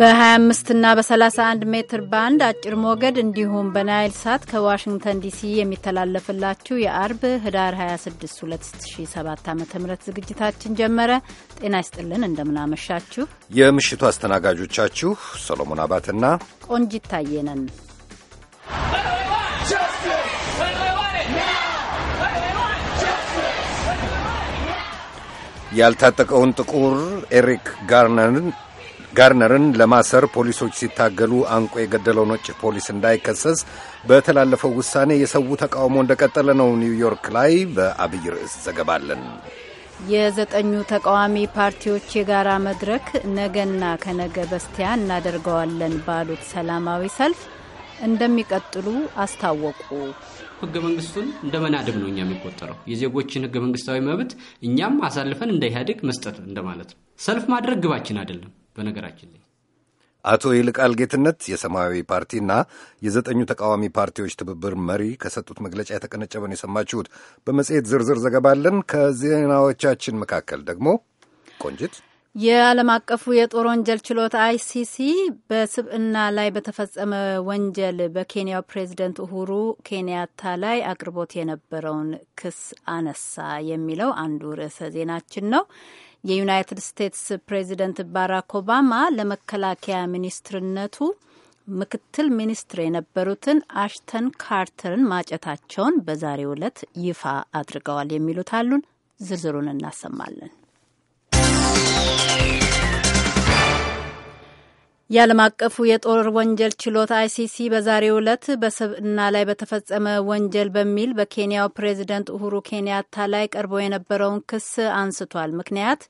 በ25 እና በ31 ሜትር ባንድ አጭር ሞገድ እንዲሁም በናይል ሳት ከዋሽንግተን ዲሲ የሚተላለፍላችሁ የአርብ ህዳር 26 2007 ዓ ም ዝግጅታችን ጀመረ። ጤና ይስጥልን፣ እንደምናመሻችሁ። የምሽቱ አስተናጋጆቻችሁ ሰሎሞን አባትና ቆንጂት ታየነን። ያልታጠቀውን ጥቁር ኤሪክ ጋርነርን ጋርነርን ለማሰር ፖሊሶች ሲታገሉ አንቆ የገደለው ነጭ ፖሊስ እንዳይከሰስ በተላለፈው ውሳኔ የሰው ተቃውሞ እንደቀጠለ ነው። ኒውዮርክ ላይ በአብይ ርዕስ ዘገባለን። የዘጠኙ ተቃዋሚ ፓርቲዎች የጋራ መድረክ ነገና ከነገ በስቲያ እናደርገዋለን ባሉት ሰላማዊ ሰልፍ እንደሚቀጥሉ አስታወቁ። ህገ መንግስቱን እንደ መናድም ነው እኛ የሚቆጠረው የዜጎችን ህገ መንግስታዊ መብት እኛም አሳልፈን እንደ ኢህአዴግ መስጠት እንደማለት ነው። ሰልፍ ማድረግ ግባችን አይደለም። በነገራችን ላይ አቶ ይልቃል ጌትነት የሰማያዊ ፓርቲና የዘጠኙ ተቃዋሚ ፓርቲዎች ትብብር መሪ ከሰጡት መግለጫ የተቀነጨበን የሰማችሁት። በመጽሔት ዝርዝር ዘገባለን። ከዜናዎቻችን መካከል ደግሞ ቆንጅት የዓለም አቀፉ የጦር ወንጀል ችሎት አይሲሲ በስብዕና ላይ በተፈጸመ ወንጀል በኬንያው ፕሬዚደንት ኡሁሩ ኬንያታ ላይ አቅርቦት የነበረውን ክስ አነሳ የሚለው አንዱ ርዕሰ ዜናችን ነው። የዩናይትድ ስቴትስ ፕሬዚደንት ባራክ ኦባማ ለመከላከያ ሚኒስትርነቱ ምክትል ሚኒስትር የነበሩትን አሽተን ካርተርን ማጨታቸውን በዛሬው ዕለት ይፋ አድርገዋል። የሚሉት አሉን። ዝርዝሩን እናሰማለን። የዓለም አቀፉ የጦር ወንጀል ችሎት አይሲሲ በዛሬው ዕለት በስብና ላይ በተፈጸመ ወንጀል በሚል በኬንያው ፕሬዚደንት ኡሁሩ ኬንያታ ላይ ቀርቦ የነበረውን ክስ አንስቷል። ምክንያት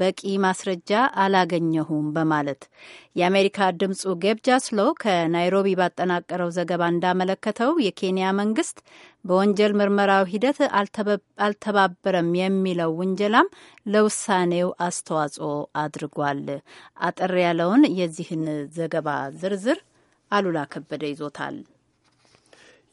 በቂ ማስረጃ አላገኘሁም በማለት የአሜሪካ ድምፁ ጌብ ጃስሎ ከናይሮቢ ባጠናቀረው ዘገባ እንዳመለከተው የኬንያ መንግስት በወንጀል ምርመራው ሂደት አልተባበረም የሚለው ውንጀላም ለውሳኔው አስተዋጽኦ አድርጓል። አጠር ያለውን የዚህን ዘገባ ዝርዝር አሉላ ከበደ ይዞታል።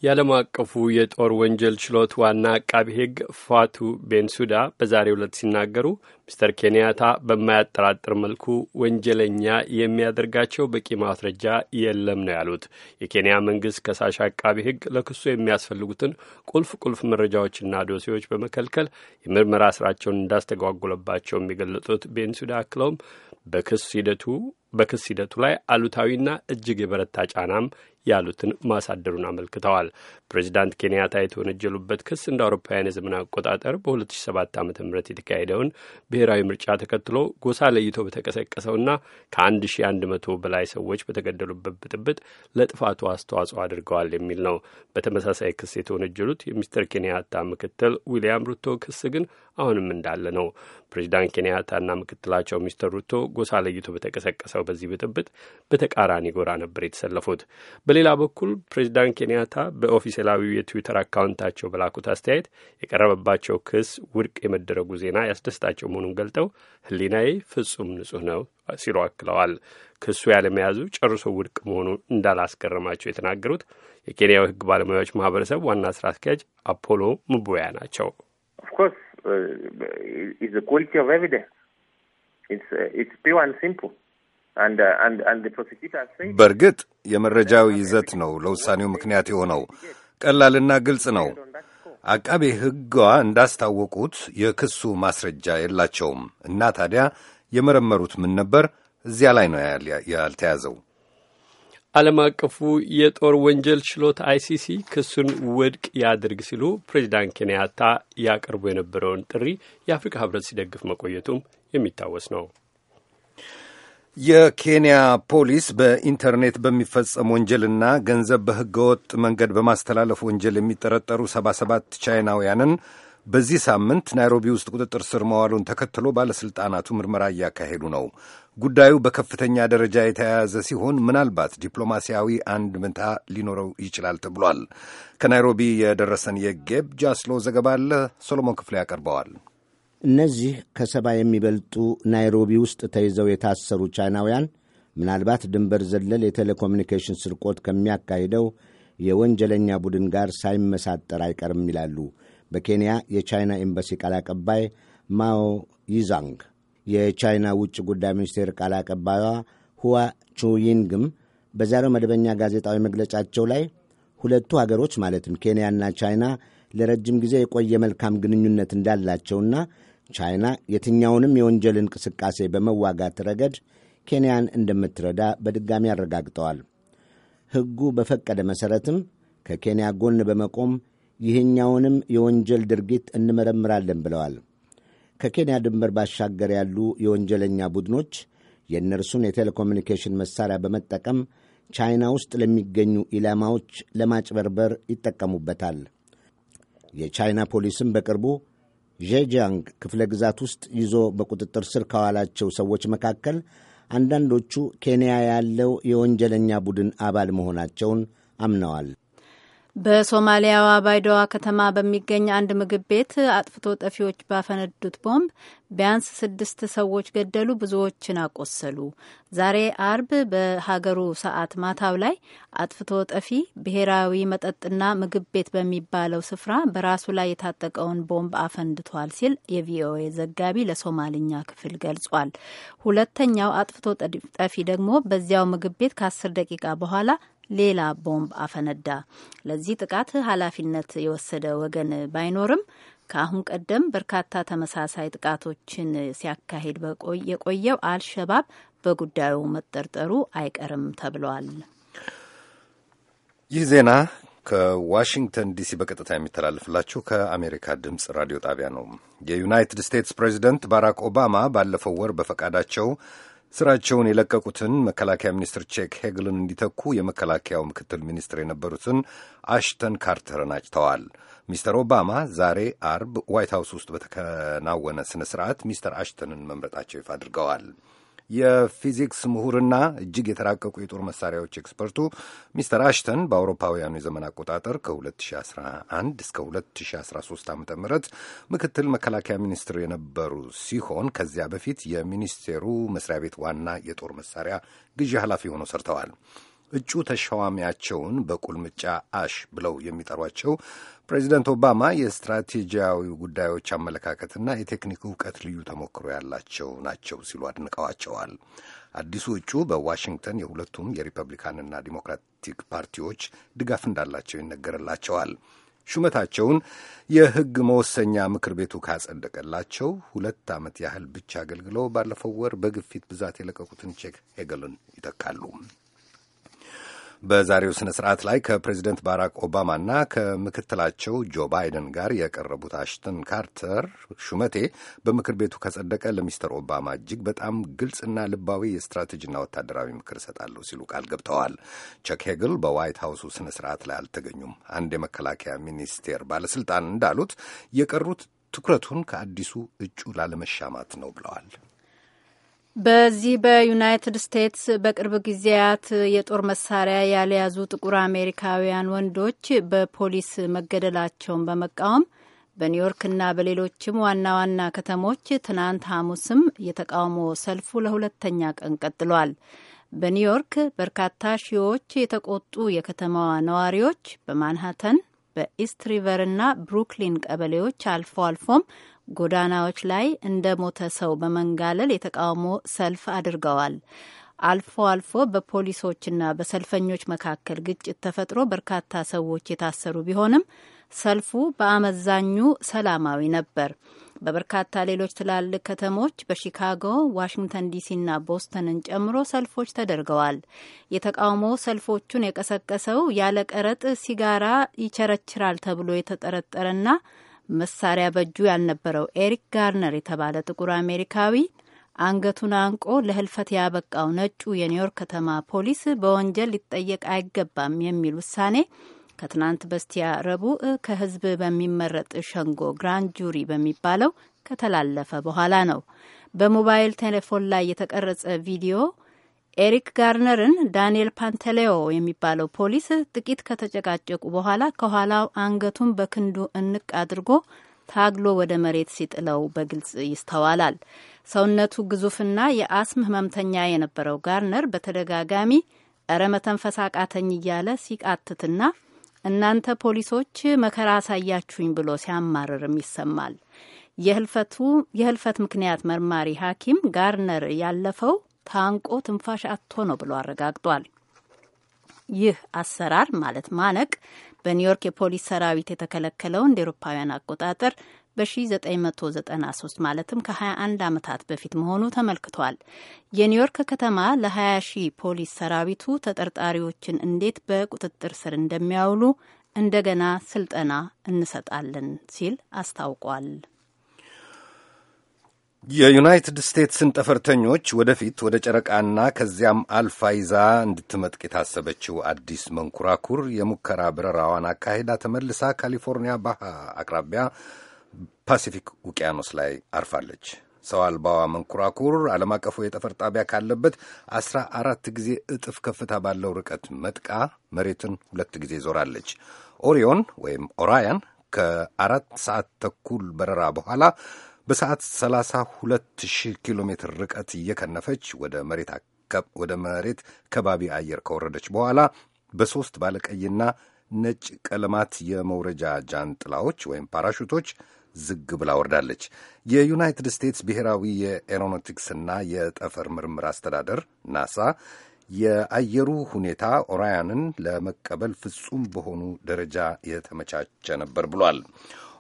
የዓለም አቀፉ የጦር ወንጀል ችሎት ዋና አቃቢ ሕግ ፋቱ ቤንሱዳ በዛሬው ዕለት ሲናገሩ ሚስተር ኬንያታ በማያጠራጥር መልኩ ወንጀለኛ የሚያደርጋቸው በቂ ማስረጃ የለም ነው ያሉት። የኬንያ መንግስት ከሳሽ አቃቢ ሕግ ለክሱ የሚያስፈልጉትን ቁልፍ ቁልፍ መረጃዎችና ዶሴዎች በመከልከል የምርመራ ስራቸውን እንዳስተጓጉለባቸው የሚገለጹት ቤንሱዳ አክለውም በክስ ሂደቱ በክስ ሂደቱ ላይ አሉታዊና እጅግ የበረታ ጫናም ያሉትን ማሳደሩን አመልክተዋል። ፕሬዚዳንት ኬንያታ የተወነጀሉበት ክስ እንደ አውሮፓውያን የዘመን አቆጣጠር በ2007 ዓ ም የተካሄደውን ብሔራዊ ምርጫ ተከትሎ ጎሳ ለይቶ በተቀሰቀሰውና ከ1100 በላይ ሰዎች በተገደሉበት ብጥብጥ ለጥፋቱ አስተዋጽኦ አድርገዋል የሚል ነው። በተመሳሳይ ክስ የተወነጀሉት የሚስተር ኬንያታ ምክትል ዊልያም ሩቶ ክስ ግን አሁንም እንዳለ ነው። ፕሬዚዳንት ኬንያታና ምክትላቸው ሚስተር ሩቶ ጎሳ ለይቶ በተቀሰቀሰው በዚህ ብጥብጥ በተቃራኒ ጎራ ነበር የተሰለፉት። በሌላ በኩል ፕሬዚዳንት ኬንያታ በኦፊሴላዊው የትዊተር አካውንታቸው በላኩት አስተያየት የቀረበባቸው ክስ ውድቅ የመደረጉ ዜና ያስደስታቸው መሆኑን ገልጠው ሕሊናዬ ፍጹም ንጹህ ነው ሲሉ አክለዋል። ክሱ ያለመያዙ ጨርሶ ውድቅ መሆኑ እንዳላስገረማቸው የተናገሩት የኬንያው ሕግ ባለሙያዎች ማህበረሰብ ዋና ስራ አስኪያጅ አፖሎ ምቦያ ናቸው። ኦፍኮርስ Uh, is the quality of evidence. It's, uh, it's pure and simple. Uh, በእርግጥ የመረጃው ይዘት ነው ለውሳኔው ምክንያት የሆነው። ቀላልና ግልጽ ነው። አቃቤ ሕጓ እንዳስታወቁት የክሱ ማስረጃ የላቸውም እና ታዲያ የመረመሩት ምን ነበር? እዚያ ላይ ነው ያልተያዘው። ዓለም አቀፉ የጦር ወንጀል ችሎት አይሲሲ ክሱን ውድቅ ያድርግ ሲሉ ፕሬዚዳንት ኬንያታ ያቀርቡ የነበረውን ጥሪ የአፍሪካ ሕብረት ሲደግፍ መቆየቱም የሚታወስ ነው። የኬንያ ፖሊስ በኢንተርኔት በሚፈጸም ወንጀልና ገንዘብ በሕገወጥ መንገድ በማስተላለፍ ወንጀል የሚጠረጠሩ ሰባ ሰባት ቻይናውያንን በዚህ ሳምንት ናይሮቢ ውስጥ ቁጥጥር ስር መዋሉን ተከትሎ ባለሥልጣናቱ ምርመራ እያካሄዱ ነው። ጉዳዩ በከፍተኛ ደረጃ የተያያዘ ሲሆን ምናልባት ዲፕሎማሲያዊ አንድምታ ሊኖረው ይችላል ተብሏል። ከናይሮቢ የደረሰን የጌብ ጃስሎ ዘገባ አለ። ሶሎሞን ክፍሌ ያቀርበዋል። እነዚህ ከሰባ የሚበልጡ ናይሮቢ ውስጥ ተይዘው የታሰሩ ቻይናውያን ምናልባት ድንበር ዘለል የቴሌኮሚኒኬሽን ስርቆት ከሚያካሂደው የወንጀለኛ ቡድን ጋር ሳይመሳጠር አይቀርም ይላሉ በኬንያ የቻይና ኤምባሲ ቃል አቀባይ ማኦ ይዛንግ፣ የቻይና ውጭ ጉዳይ ሚኒስቴር ቃል አቀባዩዋ ሁዋ ቹይንግም በዛሬው መደበኛ ጋዜጣዊ መግለጫቸው ላይ ሁለቱ አገሮች ማለትም ኬንያና ቻይና ለረጅም ጊዜ የቆየ መልካም ግንኙነት እንዳላቸውና ቻይና የትኛውንም የወንጀል እንቅስቃሴ በመዋጋት ረገድ ኬንያን እንደምትረዳ በድጋሚ አረጋግጠዋል። ሕጉ በፈቀደ መሠረትም ከኬንያ ጎን በመቆም ይህኛውንም የወንጀል ድርጊት እንመረምራለን ብለዋል። ከኬንያ ድንበር ባሻገር ያሉ የወንጀለኛ ቡድኖች የእነርሱን የቴሌኮሙኒኬሽን መሣሪያ በመጠቀም ቻይና ውስጥ ለሚገኙ ኢላማዎች ለማጭበርበር ይጠቀሙበታል። የቻይና ፖሊስም በቅርቡ ዤጃንግ ክፍለ ግዛት ውስጥ ይዞ በቁጥጥር ስር ከዋላቸው ሰዎች መካከል አንዳንዶቹ ኬንያ ያለው የወንጀለኛ ቡድን አባል መሆናቸውን አምነዋል። በሶማሊያዋ ባይዶዋ ከተማ በሚገኝ አንድ ምግብ ቤት አጥፍቶ ጠፊዎች ባፈነዱት ቦምብ ቢያንስ ስድስት ሰዎች ገደሉ፣ ብዙዎችን አቆሰሉ። ዛሬ አርብ በሀገሩ ሰዓት ማታው ላይ አጥፍቶ ጠፊ ብሔራዊ መጠጥና ምግብ ቤት በሚባለው ስፍራ በራሱ ላይ የታጠቀውን ቦምብ አፈንድቷል ሲል የቪኦኤ ዘጋቢ ለሶማልኛ ክፍል ገልጿል። ሁለተኛው አጥፍቶ ጠፊ ደግሞ በዚያው ምግብ ቤት ከአስር ደቂቃ በኋላ ሌላ ቦምብ አፈነዳ። ለዚህ ጥቃት ኃላፊነት የወሰደ ወገን ባይኖርም ከአሁን ቀደም በርካታ ተመሳሳይ ጥቃቶችን ሲያካሂድ የቆየው አልሸባብ በጉዳዩ መጠርጠሩ አይቀርም ተብሏል። ይህ ዜና ከዋሽንግተን ዲሲ በቀጥታ የሚተላለፍላችሁ ከአሜሪካ ድምፅ ራዲዮ ጣቢያ ነው። የዩናይትድ ስቴትስ ፕሬዚደንት ባራክ ኦባማ ባለፈው ወር በፈቃዳቸው ስራቸውን የለቀቁትን መከላከያ ሚኒስትር ቼክ ሄግልን እንዲተኩ የመከላከያው ምክትል ሚኒስትር የነበሩትን አሽተን ካርተርን አጭተዋል። ሚስተር ኦባማ ዛሬ አርብ ዋይት ሀውስ ውስጥ በተከናወነ ስነ ስርዓት ሚስተር አሽተንን መምረጣቸው ይፋ አድርገዋል። የፊዚክስ ምሁርና እጅግ የተራቀቁ የጦር መሳሪያዎች ኤክስፐርቱ ሚስተር አሽተን በአውሮፓውያኑ የዘመን አቆጣጠር ከ2011 እስከ 2013 ዓ ም ምክትል መከላከያ ሚኒስትር የነበሩ ሲሆን ከዚያ በፊት የሚኒስቴሩ መስሪያ ቤት ዋና የጦር መሳሪያ ግዢ ኃላፊ ሆነው ሰርተዋል። እጩ ተሸዋሚያቸውን በቁልምጫ አሽ ብለው የሚጠሯቸው ፕሬዚደንት ኦባማ የስትራቴጂያዊ ጉዳዮች አመለካከትና የቴክኒክ እውቀት ልዩ ተሞክሮ ያላቸው ናቸው ሲሉ አድንቀዋቸዋል። አዲሱ እጩ በዋሽንግተን የሁለቱም የሪፐብሊካንና ዲሞክራቲክ ፓርቲዎች ድጋፍ እንዳላቸው ይነገርላቸዋል። ሹመታቸውን የሕግ መወሰኛ ምክር ቤቱ ካጸደቀላቸው ሁለት ዓመት ያህል ብቻ አገልግለው ባለፈው ወር በግፊት ብዛት የለቀቁትን ቼክ ሄገልን ይተካሉ። በዛሬው ስነ ስርዓት ላይ ከፕሬዚደንት ባራክ ኦባማና ከምክትላቸው ጆ ባይደን ጋር የቀረቡት አሽተን ካርተር ሹመቴ በምክር ቤቱ ከጸደቀ ለሚስተር ኦባማ እጅግ በጣም ግልጽና ልባዊ የስትራቴጂና ወታደራዊ ምክር እሰጣለሁ ሲሉ ቃል ገብተዋል። ቸክ ሄግል በዋይት ሀውሱ ስነ ስርዓት ላይ አልተገኙም። አንድ የመከላከያ ሚኒስቴር ባለስልጣን እንዳሉት የቀሩት ትኩረቱን ከአዲሱ እጩ ላለመሻማት ነው ብለዋል። በዚህ በዩናይትድ ስቴትስ በቅርብ ጊዜያት የጦር መሳሪያ ያልያዙ ጥቁር አሜሪካውያን ወንዶች በፖሊስ መገደላቸውን በመቃወም በኒውዮርክና በሌሎችም ዋና ዋና ከተሞች ትናንት ሐሙስም የተቃውሞ ሰልፉ ለሁለተኛ ቀን ቀጥሏል። በኒውዮርክ በርካታ ሺዎች የተቆጡ የከተማዋ ነዋሪዎች በማንሃተን በኢስት ሪቨርና ብሩክሊን ቀበሌዎች አልፎ አልፎም ጎዳናዎች ላይ እንደ ሞተ ሰው በመንጋለል የተቃውሞ ሰልፍ አድርገዋል። አልፎ አልፎ በፖሊሶችና በሰልፈኞች መካከል ግጭት ተፈጥሮ በርካታ ሰዎች የታሰሩ ቢሆንም ሰልፉ በአመዛኙ ሰላማዊ ነበር። በበርካታ ሌሎች ትላልቅ ከተሞች በሺካጎ፣ ዋሽንግተን ዲሲና ቦስተንን ጨምሮ ሰልፎች ተደርገዋል። የተቃውሞ ሰልፎቹን የቀሰቀሰው ያለ ቀረጥ ሲጋራ ይቸረችራል ተብሎ የተጠረጠረና መሳሪያ በእጁ ያልነበረው ኤሪክ ጋርነር የተባለ ጥቁር አሜሪካዊ አንገቱን አንቆ ለህልፈት ያበቃው ነጩ የኒውዮርክ ከተማ ፖሊስ በወንጀል ሊጠየቅ አይገባም የሚል ውሳኔ ከትናንት በስቲያ ረቡዕ ከህዝብ በሚመረጥ ሸንጎ ግራንድ ጁሪ በሚባለው ከተላለፈ በኋላ ነው። በሞባይል ቴሌፎን ላይ የተቀረጸ ቪዲዮ ኤሪክ ጋርነርን ዳንኤል ፓንቴሌዮ የሚባለው ፖሊስ ጥቂት ከተጨቃጨቁ በኋላ ከኋላው አንገቱን በክንዱ እንቅ አድርጎ ታግሎ ወደ መሬት ሲጥለው በግልጽ ይስተዋላል። ሰውነቱ ግዙፍና የአስም ህመምተኛ የነበረው ጋርነር በተደጋጋሚ እረ መተንፈስ አቃተኝ እያለ ሲቃትትና እናንተ ፖሊሶች መከራ አሳያችሁኝ ብሎ ሲያማርርም ይሰማል። የህልፈቱ የህልፈት ምክንያት መርማሪ ሐኪም ጋርነር ያለፈው ታንቆ ትንፋሽ አጥቶ ነው ብሎ አረጋግጧል። ይህ አሰራር ማለት ማነቅ በኒውዮርክ የፖሊስ ሰራዊት የተከለከለውን እንደ ኤሮፓውያን አቆጣጠር በ1993 ማለትም ከ21 ዓመታት በፊት መሆኑ ተመልክቷል። የኒውዮርክ ከተማ ለ20 ሺህ ፖሊስ ሰራዊቱ ተጠርጣሪዎችን እንዴት በቁጥጥር ስር እንደሚያውሉ እንደገና ስልጠና እንሰጣለን ሲል አስታውቋል። የዩናይትድ ስቴትስን ጠፈርተኞች ወደፊት ወደ ጨረቃና ከዚያም አልፋ ይዛ እንድትመጥቅ የታሰበችው አዲስ መንኮራኩር የሙከራ በረራዋን አካሂዳ ተመልሳ ካሊፎርኒያ ባሃ አቅራቢያ ፓሲፊክ ውቅያኖስ ላይ አርፋለች። ሰው አልባዋ መንኮራኩር ዓለም አቀፉ የጠፈር ጣቢያ ካለበት አስራ አራት ጊዜ እጥፍ ከፍታ ባለው ርቀት መጥቃ መሬትን ሁለት ጊዜ ዞራለች። ኦሪዮን ወይም ኦራያን ከአራት ሰዓት ተኩል በረራ በኋላ በሰዓት 32000 ኪሎ ሜትር ርቀት እየከነፈች ወደ መሬት ከባቢ አየር ከወረደች በኋላ በሦስት ባለቀይና ነጭ ቀለማት የመውረጃ ጃንጥላዎች ወይም ፓራሹቶች ዝግ ብላ ወርዳለች። የዩናይትድ ስቴትስ ብሔራዊ የኤሮኖቲክስና የጠፈር ምርምር አስተዳደር ናሳ የአየሩ ሁኔታ ኦራያንን ለመቀበል ፍጹም በሆኑ ደረጃ የተመቻቸ ነበር ብሏል።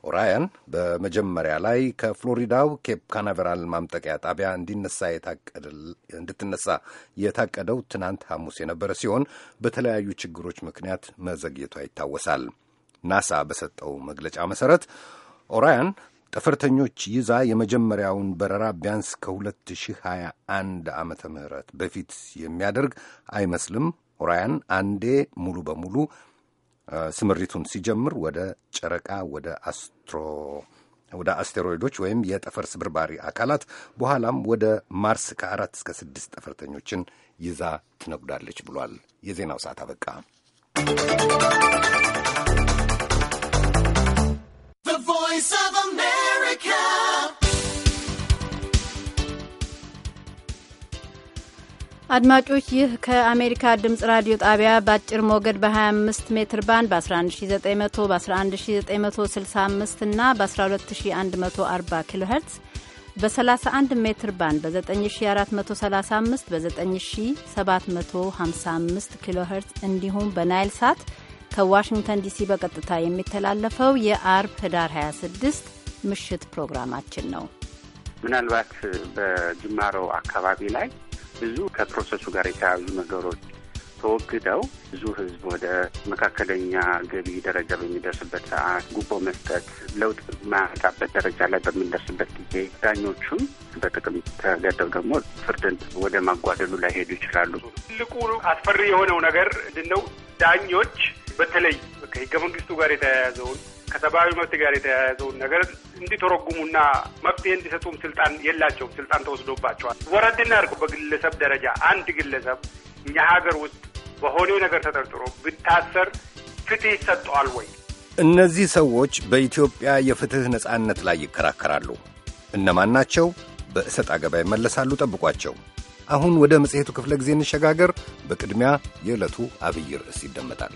ኦራያን በመጀመሪያ ላይ ከፍሎሪዳው ኬፕ ካናቨራል ማምጠቂያ ጣቢያ እንድትነሳ የታቀደው ትናንት ሐሙስ የነበረ ሲሆን በተለያዩ ችግሮች ምክንያት መዘግየቷ ይታወሳል። ናሳ በሰጠው መግለጫ መሠረት ኦራያን ጠፈርተኞች ይዛ የመጀመሪያውን በረራ ቢያንስ ከ2021 ዓመተ ምህረት በፊት የሚያደርግ አይመስልም። ኦራያን አንዴ ሙሉ በሙሉ ስምሪቱን ሲጀምር ወደ ጨረቃ ወደ አስትሮ ወደ አስቴሮይዶች ወይም የጠፈር ስብርባሪ አካላት በኋላም ወደ ማርስ ከአራት እስከ ስድስት ጠፈርተኞችን ይዛ ትነጉዳለች ብሏል። የዜናው ሰዓት አበቃ። ቮይስ ኦፍ አሜሪካ አድማጮች ይህ ከአሜሪካ ድምጽ ራዲዮ ጣቢያ በአጭር ሞገድ በ25 ሜትር ባንድ በ11900 በ11965 እና በ12140 ኪሎ ሄርትስ በ31 ሜትር ባንድ በ9435 በ9755 ኪሎ ሄርትስ እንዲሁም በናይል ሳት ከዋሽንግተን ዲሲ በቀጥታ የሚተላለፈው የአርብ ህዳር 26 ምሽት ፕሮግራማችን ነው። ምናልባት በጅማሮ አካባቢ ላይ ብዙ ከፕሮሰሱ ጋር የተያያዙ ነገሮች ተወግደው ብዙ ህዝብ ወደ መካከለኛ ገቢ ደረጃ በሚደርስበት ሰዓት ጉቦ መስጠት ለውጥ ማያመጣበት ደረጃ ላይ በምንደርስበት ጊዜ ዳኞቹም በጥቅም ተገደው ደግሞ ፍርድን ወደ ማጓደሉ ላይ ሄዱ ይችላሉ። ትልቁ አስፈሪ የሆነው ነገር ምንድን ነው? ዳኞች በተለይ ከህገ መንግስቱ ጋር የተያያዘውን ከሰብአዊ መብት ጋር የተያያዘውን ነገር እንዲተረጉሙና መፍትሄ እንዲሰጡም ስልጣን የላቸውም። ስልጣን ተወስዶባቸዋል። ወረድ አድርገው በግለሰብ ደረጃ አንድ ግለሰብ እኛ ሀገር ውስጥ በሆነ ነገር ተጠርጥሮ ብታሰር ፍትህ ይሰጠዋል ወይ? እነዚህ ሰዎች በኢትዮጵያ የፍትህ ነጻነት ላይ ይከራከራሉ። እነማን ናቸው? በእሰጥ አገባ ይመለሳሉ። ጠብቋቸው። አሁን ወደ መጽሔቱ ክፍለ ጊዜ እንሸጋገር። በቅድሚያ የዕለቱ አብይ ርዕስ ይደመጣል።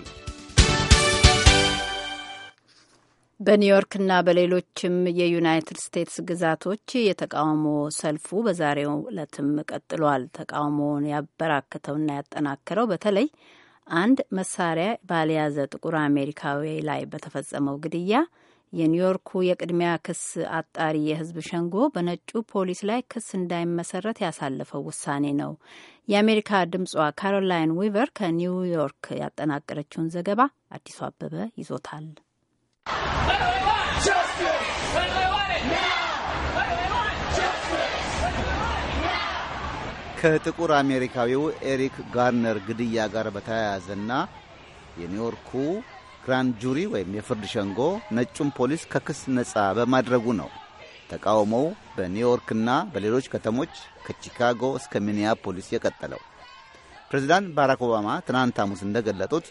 በኒውዮርክና በሌሎችም የዩናይትድ ስቴትስ ግዛቶች የተቃውሞ ሰልፉ በዛሬው ዕለትም ቀጥሏል። ተቃውሞውን ያበራከተውና ያጠናከረው በተለይ አንድ መሳሪያ ባልያዘ ጥቁር አሜሪካዊ ላይ በተፈጸመው ግድያ የኒውዮርኩ የቅድሚያ ክስ አጣሪ የህዝብ ሸንጎ በነጩ ፖሊስ ላይ ክስ እንዳይመሰረት ያሳለፈው ውሳኔ ነው። የአሜሪካ ድምጿ ካሮላይን ዊቨር ከኒውዮርክ ያጠናቀረችውን ዘገባ አዲሱ አበበ ይዞታል። ከጥቁር አሜሪካዊው ኤሪክ ጋርነር ግድያ ጋር በተያያዘና የኒውዮርኩ ግራንድ ጁሪ ወይም የፍርድ ሸንጎ ነጩን ፖሊስ ከክስ ነጻ በማድረጉ ነው። ተቃውሞው በኒውዮርክና በሌሎች ከተሞች ከቺካጎ እስከ ሚኒያፖሊስ የቀጠለው። ፕሬዚዳንት ባራክ ኦባማ ትናንት ሐሙስ እንደገለጡት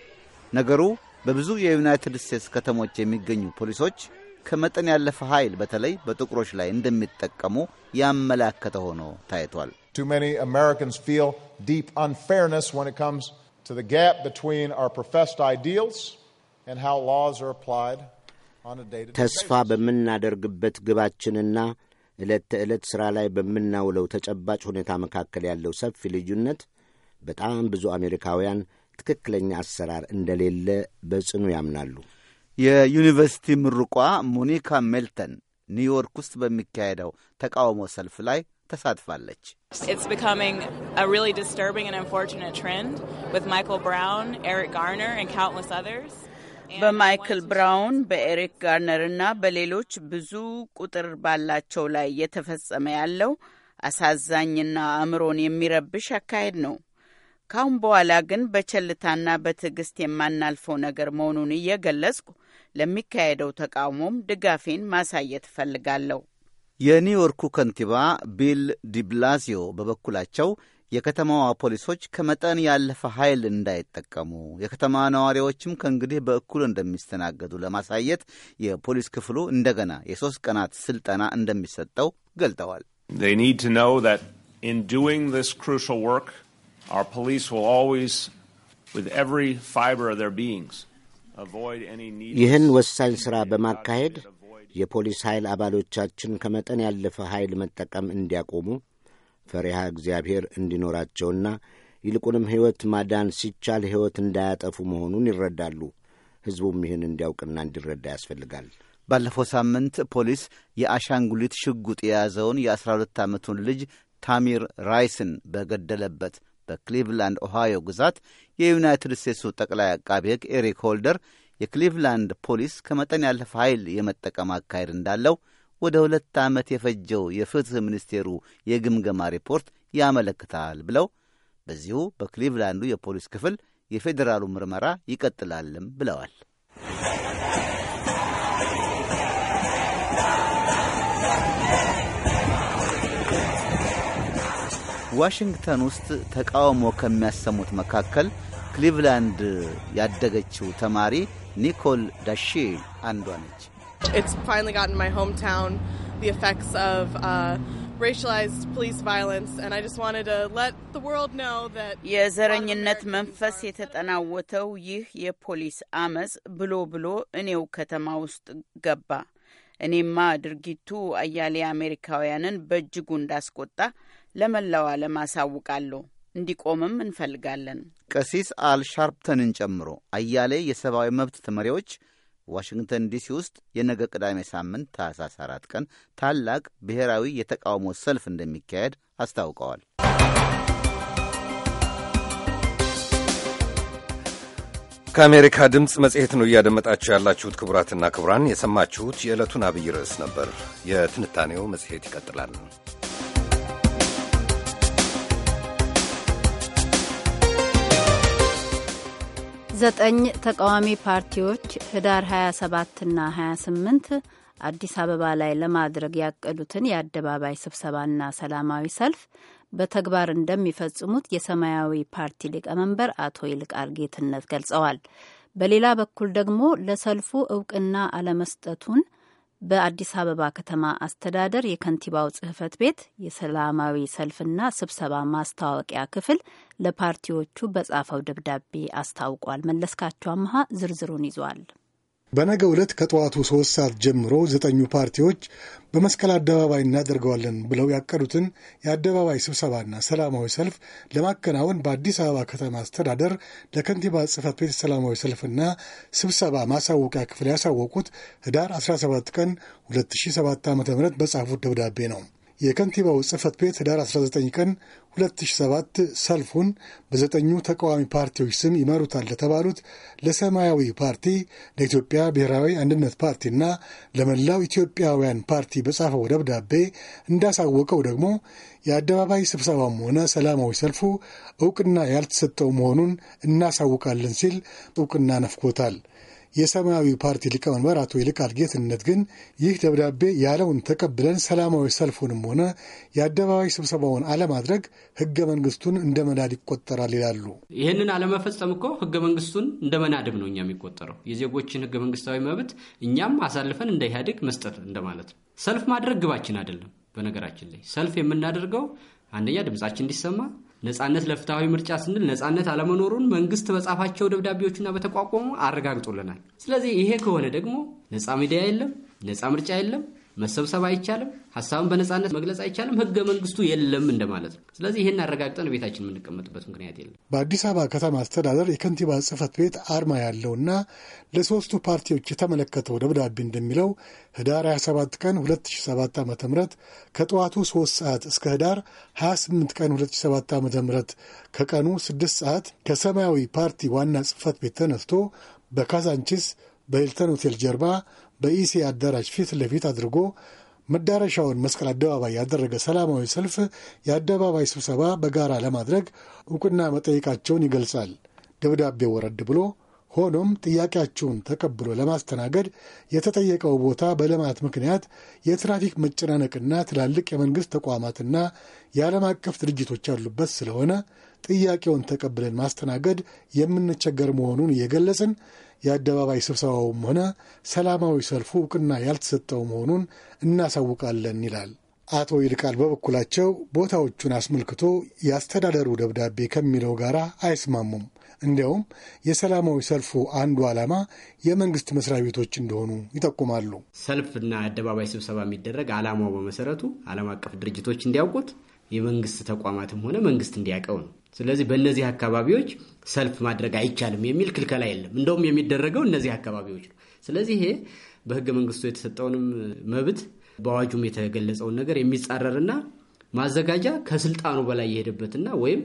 ነገሩ በብዙ የዩናይትድ ስቴትስ ከተሞች የሚገኙ ፖሊሶች ከመጠን ያለፈ ኃይል በተለይ በጥቁሮች ላይ እንደሚጠቀሙ ያመላከተ ሆኖ ታይቷል። ተስፋ በምናደርግበት ግባችንና ዕለት ተዕለት ሥራ ላይ በምናውለው ተጨባጭ ሁኔታ መካከል ያለው ሰፊ ልዩነት በጣም ብዙ አሜሪካውያን ትክክለኛ አሰራር እንደሌለ በጽኑ ያምናሉ። የዩኒቨርሲቲ ምርቋ ሞኒካ ሜልተን ኒውዮርክ ውስጥ በሚካሄደው ተቃውሞ ሰልፍ ላይ ተሳትፋለች። በማይክል ብራውን በኤሪክ ጋርነር እና በሌሎች ብዙ ቁጥር ባላቸው ላይ እየተፈጸመ ያለው አሳዛኝና አእምሮን የሚረብሽ አካሄድ ነው። ካሁን በኋላ ግን በቸልታና በትዕግስት የማናልፈው ነገር መሆኑን እየገለጽኩ ለሚካሄደው ተቃውሞም ድጋፌን ማሳየት እፈልጋለሁ። የኒውዮርኩ ከንቲባ ቢል ዲብላዚዮ በበኩላቸው የከተማዋ ፖሊሶች ከመጠን ያለፈ ኃይል እንዳይጠቀሙ፣ የከተማዋ ነዋሪዎችም ከእንግዲህ በእኩል እንደሚስተናገዱ ለማሳየት የፖሊስ ክፍሉ እንደገና የሶስት ቀናት ሥልጠና እንደሚሰጠው ገልጠዋል። Our police will always, with every fiber of their beings, avoid any need. ይህን ወሳኝ ስራ በማካሄድ የፖሊስ ኃይል አባሎቻችን ከመጠን ያለፈ ኃይል መጠቀም እንዲያቆሙ ፈሪሃ እግዚአብሔር እንዲኖራቸውና ይልቁንም ሕይወት ማዳን ሲቻል ሕይወት እንዳያጠፉ መሆኑን ይረዳሉ። ሕዝቡም ይህን እንዲያውቅና እንዲረዳ ያስፈልጋል። ባለፈው ሳምንት ፖሊስ የአሻንጉሊት ሽጉጥ የያዘውን የ12 ዓመቱን ልጅ ታሚር ራይስን በገደለበት በክሊቭላንድ ኦሃዮ ግዛት የዩናይትድ ስቴትሱ ጠቅላይ አቃቢ ሕግ ኤሪክ ሆልደር የክሊቭላንድ ፖሊስ ከመጠን ያለፈ ኃይል የመጠቀም አካሄድ እንዳለው ወደ ሁለት ዓመት የፈጀው የፍትሕ ሚኒስቴሩ የግምገማ ሪፖርት ያመለክታል ብለው በዚሁ በክሊቭላንዱ የፖሊስ ክፍል የፌዴራሉ ምርመራ ይቀጥላልም ብለዋል። ዋሽንግተን ውስጥ ተቃውሞ ከሚያሰሙት መካከል ክሊቭላንድ ያደገችው ተማሪ ኒኮል ዳሺ አንዷ ነች። uh, የዘረኝነት መንፈስ የተጠናወተው ይህ የፖሊስ አመፅ ብሎ ብሎ እኔው ከተማ ውስጥ ገባ። እኔማ ድርጊቱ አያሌ አሜሪካውያንን በእጅጉ እንዳስቆጣ ለመላው ዓለም አሳውቃለሁ። እንዲቆምም እንፈልጋለን። ቀሲስ አል ሻርፕተንን ጨምሮ አያሌ የሰብአዊ መብት ተመሪዎች ዋሽንግተን ዲሲ ውስጥ የነገ ቅዳሜ ሳምንት ታህሳስ አራት ቀን ታላቅ ብሔራዊ የተቃውሞ ሰልፍ እንደሚካሄድ አስታውቀዋል። ከአሜሪካ ድምፅ መጽሔት ነው እያደመጣችሁ ያላችሁት። ክቡራትና ክቡራን የሰማችሁት የዕለቱን አብይ ርዕስ ነበር። የትንታኔው መጽሔት ይቀጥላል። ዘጠኝ ተቃዋሚ ፓርቲዎች ህዳር 27ና 28 አዲስ አበባ ላይ ለማድረግ ያቀዱትን የአደባባይ ስብሰባና ሰላማዊ ሰልፍ በተግባር እንደሚፈጽሙት የሰማያዊ ፓርቲ ሊቀመንበር አቶ ይልቃል ጌትነት ገልጸዋል። በሌላ በኩል ደግሞ ለሰልፉ እውቅና አለመስጠቱን በአዲስ አበባ ከተማ አስተዳደር የከንቲባው ጽህፈት ቤት የሰላማዊ ሰልፍና ስብሰባ ማስታወቂያ ክፍል ለፓርቲዎቹ በጻፈው ደብዳቤ አስታውቋል። መለስካቸው አመሀ ዝርዝሩን ይዟል። በነገ ዕለት ከጠዋቱ ሶስት ሰዓት ጀምሮ ዘጠኙ ፓርቲዎች በመስቀል አደባባይ እናደርገዋለን ብለው ያቀዱትን የአደባባይ ስብሰባና ሰላማዊ ሰልፍ ለማከናወን በአዲስ አበባ ከተማ አስተዳደር ለከንቲባ ጽህፈት ቤት ሰላማዊ ሰልፍና ስብሰባ ማሳወቂያ ክፍል ያሳወቁት ህዳር 17 ቀን 2007 ዓ.ም በጻፉት ደብዳቤ ነው። የከንቲባው ጽህፈት ቤት ህዳር 19 ቀን 2007 ሰልፉን በዘጠኙ ተቃዋሚ ፓርቲዎች ስም ይመሩታል ለተባሉት ለሰማያዊ ፓርቲ፣ ለኢትዮጵያ ብሔራዊ አንድነት ፓርቲና ለመላው ኢትዮጵያውያን ፓርቲ በጻፈው ደብዳቤ እንዳሳወቀው ደግሞ የአደባባይ ስብሰባም ሆነ ሰላማዊ ሰልፉ እውቅና ያልተሰጠው መሆኑን እናሳውቃለን ሲል እውቅና ነፍኮታል። የሰማያዊ ፓርቲ ሊቀመንበር አቶ ይልቃል ጌትነት ግን ይህ ደብዳቤ ያለውን ተቀብለን ሰላማዊ ሰልፉንም ሆነ የአደባባይ ስብሰባውን አለማድረግ ህገ መንግስቱን እንደ መናድ ይቆጠራል ይላሉ። ይህንን አለመፈጸም እኮ ህገ መንግስቱን እንደ መናድም ነው እኛ የሚቆጠረው። የዜጎችን ህገ መንግስታዊ መብት እኛም አሳልፈን እንደ ኢህአዴግ መስጠት እንደማለት ነው። ሰልፍ ማድረግ ግባችን አይደለም። በነገራችን ላይ ሰልፍ የምናደርገው አንደኛ ድምጻችን እንዲሰማ ነጻነት ለፍትሐዊ ምርጫ ስንል ነጻነት አለመኖሩን መንግስት በጻፋቸው ደብዳቤዎችና በተቋቋሙ አረጋግጦልናል። ስለዚህ ይሄ ከሆነ ደግሞ ነጻ ሚዲያ የለም፣ ነጻ ምርጫ የለም፣ መሰብሰብ አይቻልም፣ ሀሳብን በነፃነት መግለጽ አይቻልም፣ ህገ መንግስቱ የለም እንደማለት ነው። ስለዚህ ይህን አረጋግጠን ቤታችን የምንቀመጥበት ምክንያት የለም። በአዲስ አበባ ከተማ አስተዳደር የከንቲባ ጽህፈት ቤት አርማ ያለውና ለሶስቱ ፓርቲዎች የተመለከተው ደብዳቤ እንደሚለው ህዳር 27 ቀን 2007 ዓ ም ከጠዋቱ 3 ሰዓት እስከ ህዳር 28 ቀን 2007 ዓ ም ከቀኑ 6 ሰዓት ከሰማያዊ ፓርቲ ዋና ጽህፈት ቤት ተነስቶ በካዛንቺስ በሂልተን ሆቴል ጀርባ በኢሲ አዳራሽ ፊት ለፊት አድርጎ መዳረሻውን መስቀል አደባባይ ያደረገ ሰላማዊ ሰልፍ የአደባባይ ስብሰባ በጋራ ለማድረግ እውቅና መጠየቃቸውን ይገልጻል ደብዳቤው ወረድ ብሎ። ሆኖም ጥያቄያችሁን ተቀብሎ ለማስተናገድ የተጠየቀው ቦታ በልማት ምክንያት የትራፊክ መጨናነቅና ትላልቅ የመንግሥት ተቋማትና የዓለም አቀፍ ድርጅቶች ያሉበት ስለሆነ ጥያቄውን ተቀብለን ማስተናገድ የምንቸገር መሆኑን እየገለጽን የአደባባይ ስብሰባውም ሆነ ሰላማዊ ሰልፉ እውቅና ያልተሰጠው መሆኑን እናሳውቃለን ይላል። አቶ ይልቃል በበኩላቸው ቦታዎቹን አስመልክቶ የአስተዳደሩ ደብዳቤ ከሚለው ጋር አይስማሙም። እንዲያውም የሰላማዊ ሰልፉ አንዱ ዓላማ የመንግስት መስሪያ ቤቶች እንደሆኑ ይጠቁማሉ። ሰልፍና አደባባይ ስብሰባ የሚደረግ ዓላማው በመሰረቱ ዓለም አቀፍ ድርጅቶች እንዲያውቁት የመንግስት ተቋማትም ሆነ መንግስት እንዲያውቀው ነው። ስለዚህ በእነዚህ አካባቢዎች ሰልፍ ማድረግ አይቻልም የሚል ክልከላ የለም። እንደውም የሚደረገው እነዚህ አካባቢዎች ነው። ስለዚህ ይሄ በህገ መንግስቱ የተሰጠውንም መብት በአዋጁም የተገለጸውን ነገር የሚጻረርና ማዘጋጃ ከስልጣኑ በላይ የሄደበትና ወይም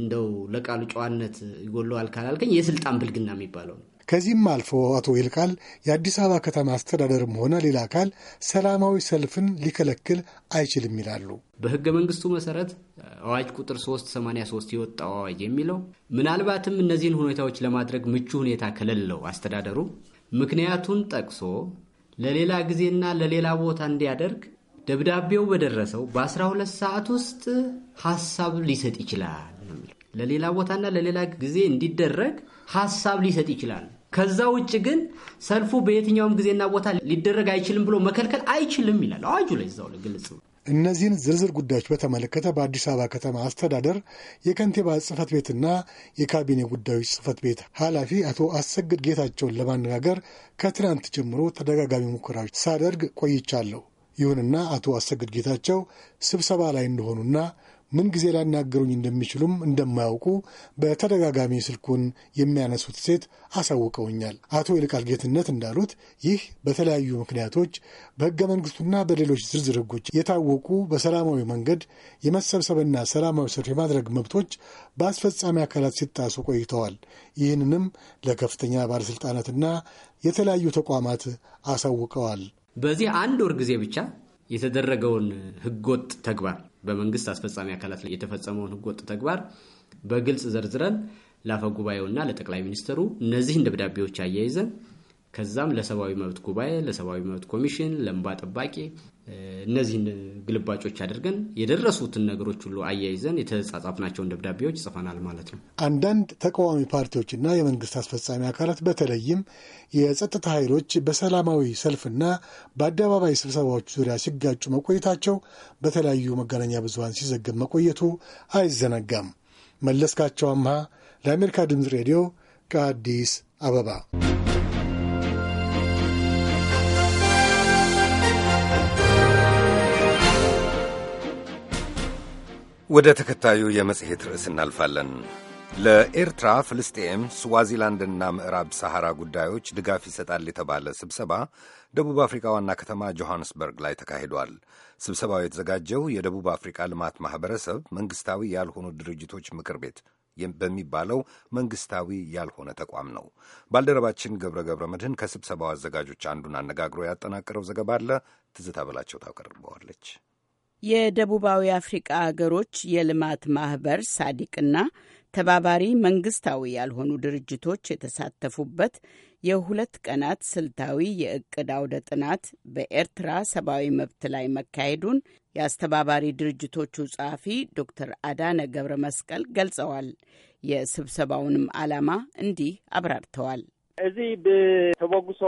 እንደው ለቃሉ ጨዋነት ይጎለዋል ካላልከኝ የስልጣን ብልግና የሚባለው ነው። ከዚህም አልፎ አቶ ይልቃል የአዲስ አበባ ከተማ አስተዳደርም ሆነ ሌላ አካል ሰላማዊ ሰልፍን ሊከለክል አይችልም ይላሉ። በህገ መንግስቱ መሰረት አዋጅ ቁጥር 383 የወጣው አዋጅ የሚለው ምናልባትም እነዚህን ሁኔታዎች ለማድረግ ምቹ ሁኔታ ከሌለው አስተዳደሩ ምክንያቱን ጠቅሶ ለሌላ ጊዜና ለሌላ ቦታ እንዲያደርግ ደብዳቤው በደረሰው በ12 ሰዓት ውስጥ ሀሳብ ሊሰጥ ይችላል። ለሌላ ቦታና ለሌላ ጊዜ እንዲደረግ ሀሳብ ሊሰጥ ይችላል። ከዛ ውጭ ግን ሰልፉ በየትኛውም ጊዜና ቦታ ሊደረግ አይችልም ብሎ መከልከል አይችልም ይላል አዋጁ ላይ እዛው ላይ ግልጽ እነዚህን ዝርዝር ጉዳዮች በተመለከተ በአዲስ አበባ ከተማ አስተዳደር የከንቲባ ጽህፈት ቤትና የካቢኔ ጉዳዮች ጽህፈት ቤት ኃላፊ አቶ አሰግድ ጌታቸውን ለማነጋገር ከትናንት ጀምሮ ተደጋጋሚ ሙከራዎች ሳደርግ ቆይቻለሁ። ይሁንና አቶ አሰግድ ጌታቸው ስብሰባ ላይ እንደሆኑና ምን ጊዜ ላናገሩኝ እንደሚችሉም እንደማያውቁ በተደጋጋሚ ስልኩን የሚያነሱት ሴት አሳውቀውኛል። አቶ ይልቃል ጌትነት እንዳሉት ይህ በተለያዩ ምክንያቶች በሕገ መንግሥቱና በሌሎች ዝርዝር ሕጎች የታወቁ በሰላማዊ መንገድ የመሰብሰብና ሰላማዊ ሰልፍ የማድረግ መብቶች በአስፈጻሚ አካላት ሲጣሱ ቆይተዋል። ይህንንም ለከፍተኛ ባለሥልጣናትና የተለያዩ ተቋማት አሳውቀዋል። በዚህ አንድ ወር ጊዜ ብቻ የተደረገውን ህገወጥ ተግባር በመንግስት አስፈጻሚ አካላት ላይ የተፈጸመውን ህገወጥ ተግባር በግልጽ ዘርዝረን ለአፈ ጉባኤውና ለጠቅላይ ሚኒስትሩ እነዚህን ደብዳቤዎች አያይዘን ከዛም ለሰብአዊ መብት ጉባኤ፣ ለሰብአዊ መብት ኮሚሽን፣ ለእንባ ጠባቂ እነዚህን ግልባጮች አድርገን የደረሱትን ነገሮች ሁሉ አያይዘን የተጻጻፍናቸውን ደብዳቤዎች ጽፈናል ማለት ነው። አንዳንድ ተቃዋሚ ፓርቲዎችና የመንግስት አስፈጻሚ አካላት በተለይም የጸጥታ ኃይሎች በሰላማዊ ሰልፍና በአደባባይ ስብሰባዎች ዙሪያ ሲጋጩ መቆየታቸው በተለያዩ መገናኛ ብዙሀን ሲዘገብ መቆየቱ አይዘነጋም። መለስካቸው አምሃ ለአሜሪካ ድምፅ ሬዲዮ ከአዲስ አበባ ወደ ተከታዩ የመጽሔት ርዕስ እናልፋለን። ለኤርትራ ፍልስጤም፣ ስዋዚላንድና ምዕራብ ሰሐራ ጉዳዮች ድጋፍ ይሰጣል የተባለ ስብሰባ ደቡብ አፍሪካ ዋና ከተማ ጆሐንስበርግ ላይ ተካሂዷል። ስብሰባው የተዘጋጀው የደቡብ አፍሪካ ልማት ማኅበረሰብ መንግሥታዊ ያልሆኑ ድርጅቶች ምክር ቤት በሚባለው መንግሥታዊ ያልሆነ ተቋም ነው። ባልደረባችን ገብረ ገብረ መድህን ከስብሰባው አዘጋጆች አንዱን አነጋግሮ ያጠናቀረው ዘገባ አለ። ትዝታ በላቸው ታቀርበዋለች። የደቡባዊ አፍሪቃ አገሮች የልማት ማህበር ሳዲቅና ተባባሪ መንግስታዊ ያልሆኑ ድርጅቶች የተሳተፉበት የሁለት ቀናት ስልታዊ የእቅድ አውደ ጥናት በኤርትራ ሰብአዊ መብት ላይ መካሄዱን የአስተባባሪ ድርጅቶቹ ጸሐፊ ዶክተር አዳነ ገብረ መስቀል ገልጸዋል። የስብሰባውንም ዓላማ እንዲህ አብራርተዋል። እዚ ብተበግሶ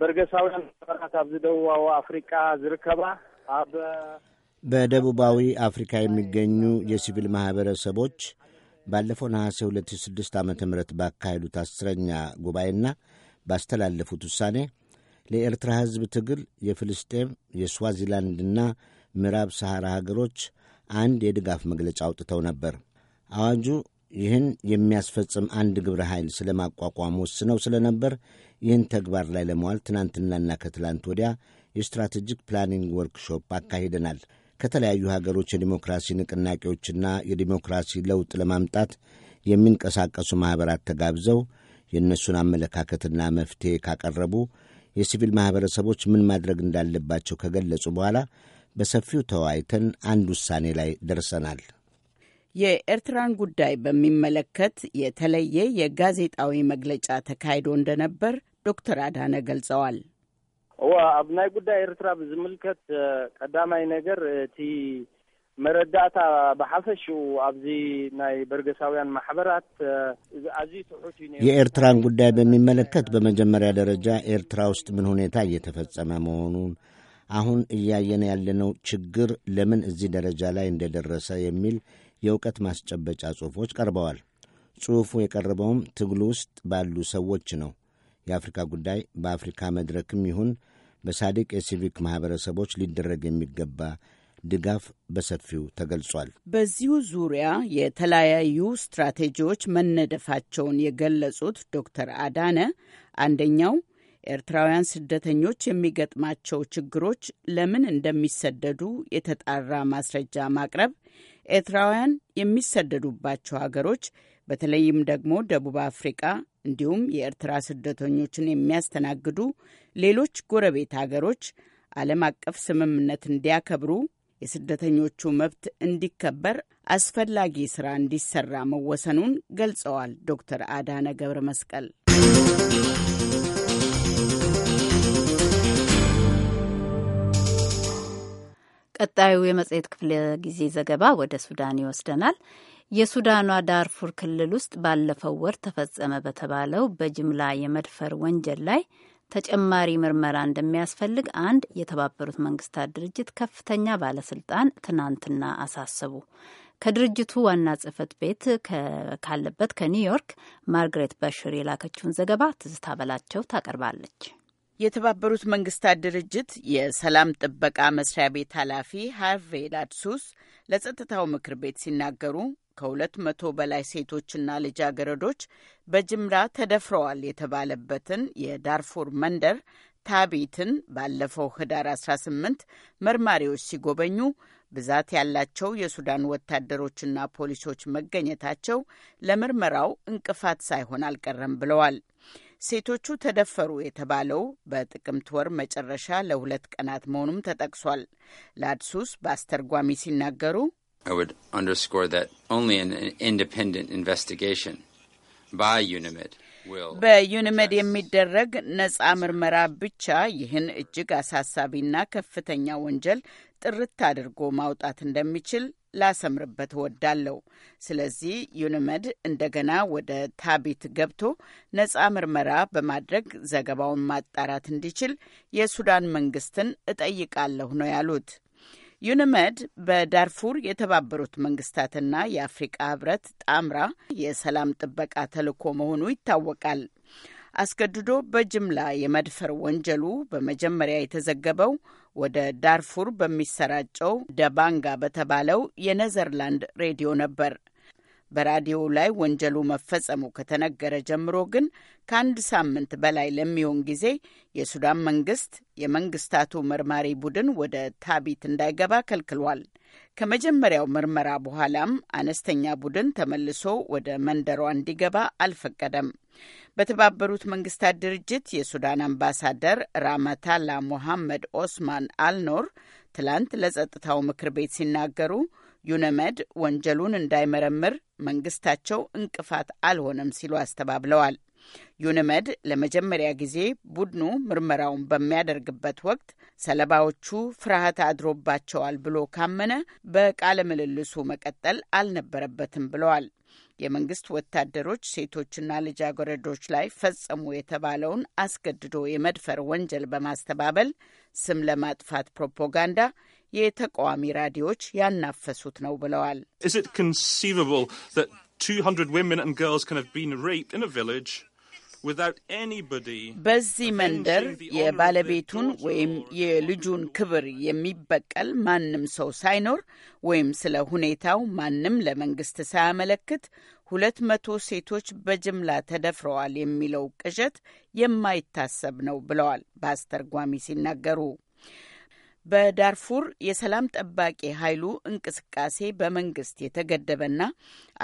በርገሳውያን ማሕበራት ኣብ ደቡባዊ ኣፍሪቃ ዝርከባ ኣብ በደቡባዊ አፍሪካ የሚገኙ የሲቪል ማኅበረሰቦች ባለፈው ነሐሴ 2006 ዓ ም ባካሄዱት አስረኛ ጉባኤና ባስተላለፉት ውሳኔ ለኤርትራ ሕዝብ ትግል የፍልስጤም የስዋዚላንድና ምዕራብ ሰሐራ ሀገሮች አንድ የድጋፍ መግለጫ አውጥተው ነበር። አዋጁ ይህን የሚያስፈጽም አንድ ግብረ ኃይል ስለማቋቋም ወስነው ስለነበር ይህን ተግባር ላይ ለመዋል ትናንትናና ከትላንት ወዲያ የስትራቴጂክ ፕላኒንግ ወርክሾፕ አካሂደናል። ከተለያዩ ሀገሮች የዲሞክራሲ ንቅናቄዎችና የዲሞክራሲ ለውጥ ለማምጣት የሚንቀሳቀሱ ማኅበራት ተጋብዘው የእነሱን አመለካከትና መፍትሔ ካቀረቡ የሲቪል ማኅበረሰቦች ምን ማድረግ እንዳለባቸው ከገለጹ በኋላ በሰፊው ተወያይተን አንድ ውሳኔ ላይ ደርሰናል። የኤርትራን ጉዳይ በሚመለከት የተለየ የጋዜጣዊ መግለጫ ተካሂዶ እንደነበር ዶክተር አዳነ ገልጸዋል። ኣብ ናይ ጉዳይ ኤርትራ ብዝምልከት ቀዳማይ ነገር እቲ መረዳእታ ብሓፈሽኡ ኣብዚ ናይ በርገሳውያን ማሕበራት ኣዝዩ ትሑት እዩ። የኤርትራን ጉዳይ በሚመለከት በመጀመሪያ ደረጃ ኤርትራ ውስጥ ምን ሁኔታ እየተፈጸመ መሆኑን አሁን እያየነ ያለነው ችግር ለምን እዚህ ደረጃ ላይ እንደደረሰ የሚል የእውቀት ማስጨበጫ ጽሑፎች ቀርበዋል። ጽሑፉ የቀረበውም ትግሉ ውስጥ ባሉ ሰዎች ነው። የአፍሪካ ጉዳይ በአፍሪካ መድረክም ይሁን በሳዲቅ የሲቪክ ማኅበረሰቦች ሊደረግ የሚገባ ድጋፍ በሰፊው ተገልጿል። በዚሁ ዙሪያ የተለያዩ ስትራቴጂዎች መነደፋቸውን የገለጹት ዶክተር አዳነ አንደኛው ኤርትራውያን ስደተኞች የሚገጥማቸው ችግሮች ለምን እንደሚሰደዱ የተጣራ ማስረጃ ማቅረብ፣ ኤርትራውያን የሚሰደዱባቸው ሀገሮች በተለይም ደግሞ ደቡብ አፍሪቃ እንዲሁም የኤርትራ ስደተኞችን የሚያስተናግዱ ሌሎች ጎረቤት አገሮች ዓለም አቀፍ ስምምነት እንዲያከብሩ የስደተኞቹ መብት እንዲከበር አስፈላጊ ስራ እንዲሰራ መወሰኑን ገልጸዋል። ዶክተር አዳነ ገብረ መስቀል ቀጣዩ የመጽሔት ክፍለ ጊዜ ዘገባ ወደ ሱዳን ይወስደናል። የሱዳኗ ዳርፉር ክልል ውስጥ ባለፈው ወር ተፈጸመ በተባለው በጅምላ የመድፈር ወንጀል ላይ ተጨማሪ ምርመራ እንደሚያስፈልግ አንድ የተባበሩት መንግስታት ድርጅት ከፍተኛ ባለስልጣን ትናንትና አሳሰቡ። ከድርጅቱ ዋና ጽህፈት ቤት ካለበት ከኒውዮርክ ማርግሬት በሽር የላከችውን ዘገባ ትዝታ በላቸው ታቀርባለች። የተባበሩት መንግስታት ድርጅት የሰላም ጥበቃ መስሪያ ቤት ኃላፊ ሃርቬ ላድሱስ ለጸጥታው ምክር ቤት ሲናገሩ ከሁለት መቶ በላይ ሴቶችና ልጃገረዶች በጅምላ ተደፍረዋል የተባለበትን የዳርፉር መንደር ታቢትን ባለፈው ህዳር 18 መርማሪዎች ሲጎበኙ ብዛት ያላቸው የሱዳን ወታደሮችና ፖሊሶች መገኘታቸው ለምርመራው እንቅፋት ሳይሆን አልቀረም ብለዋል። ሴቶቹ ተደፈሩ የተባለው በጥቅምት ወር መጨረሻ ለሁለት ቀናት መሆኑም ተጠቅሷል። ላድሱስ በአስተርጓሚ ሲናገሩ I would underscore that only an independent investigation by UNIMED በዩኒሜድ የሚደረግ ነጻ ምርመራ ብቻ ይህን እጅግ አሳሳቢና ከፍተኛ ወንጀል ጥርት አድርጎ ማውጣት እንደሚችል ላሰምርበት እወዳለሁ። ስለዚህ ዩኒመድ እንደገና ወደ ታቢት ገብቶ ነጻ ምርመራ በማድረግ ዘገባውን ማጣራት እንዲችል የሱዳን መንግስትን እጠይቃለሁ ነው ያሉት። ዩንመድ በዳርፉር የተባበሩት መንግስታትና የአፍሪቃ ህብረት ጣምራ የሰላም ጥበቃ ተልዕኮ መሆኑ ይታወቃል። አስገድዶ በጅምላ የመድፈር ወንጀሉ በመጀመሪያ የተዘገበው ወደ ዳርፉር በሚሰራጨው ደባንጋ በተባለው የኔዘርላንድ ሬዲዮ ነበር። በራዲዮ ላይ ወንጀሉ መፈጸሙ ከተነገረ ጀምሮ ግን ከአንድ ሳምንት በላይ ለሚሆን ጊዜ የሱዳን መንግስት የመንግስታቱ መርማሪ ቡድን ወደ ታቢት እንዳይገባ ከልክሏል። ከመጀመሪያው ምርመራ በኋላም አነስተኛ ቡድን ተመልሶ ወደ መንደሯ እንዲገባ አልፈቀደም። በተባበሩት መንግስታት ድርጅት የሱዳን አምባሳደር ራማታላ ሞሐመድ ኦስማን አልኖር ትላንት ለጸጥታው ምክር ቤት ሲናገሩ ዩነመድ ወንጀሉን እንዳይመረምር መንግስታቸው እንቅፋት አልሆነም ሲሉ አስተባብለዋል። ዩንመድ ለመጀመሪያ ጊዜ ቡድኑ ምርመራውን በሚያደርግበት ወቅት ሰለባዎቹ ፍርሃት አድሮባቸዋል ብሎ ካመነ በቃለ ምልልሱ መቀጠል አልነበረበትም ብለዋል። የመንግስት ወታደሮች ሴቶችና ልጃገረዶች ላይ ፈጸሙ የተባለውን አስገድዶ የመድፈር ወንጀል በማስተባበል ስም ለማጥፋት ፕሮፓጋንዳ የተቃዋሚ ራዲዮች ያናፈሱት ነው ብለዋል። በዚህ መንደር የባለቤቱን ወይም የልጁን ክብር የሚበቀል ማንም ሰው ሳይኖር ወይም ስለ ሁኔታው ማንም ለመንግስት ሳያመለክት ሁለት መቶ ሴቶች በጅምላ ተደፍረዋል የሚለው ቅዠት የማይታሰብ ነው ብለዋል በአስተርጓሚ ሲናገሩ። በዳርፉር የሰላም ጠባቂ ኃይሉ እንቅስቃሴ በመንግስት የተገደበና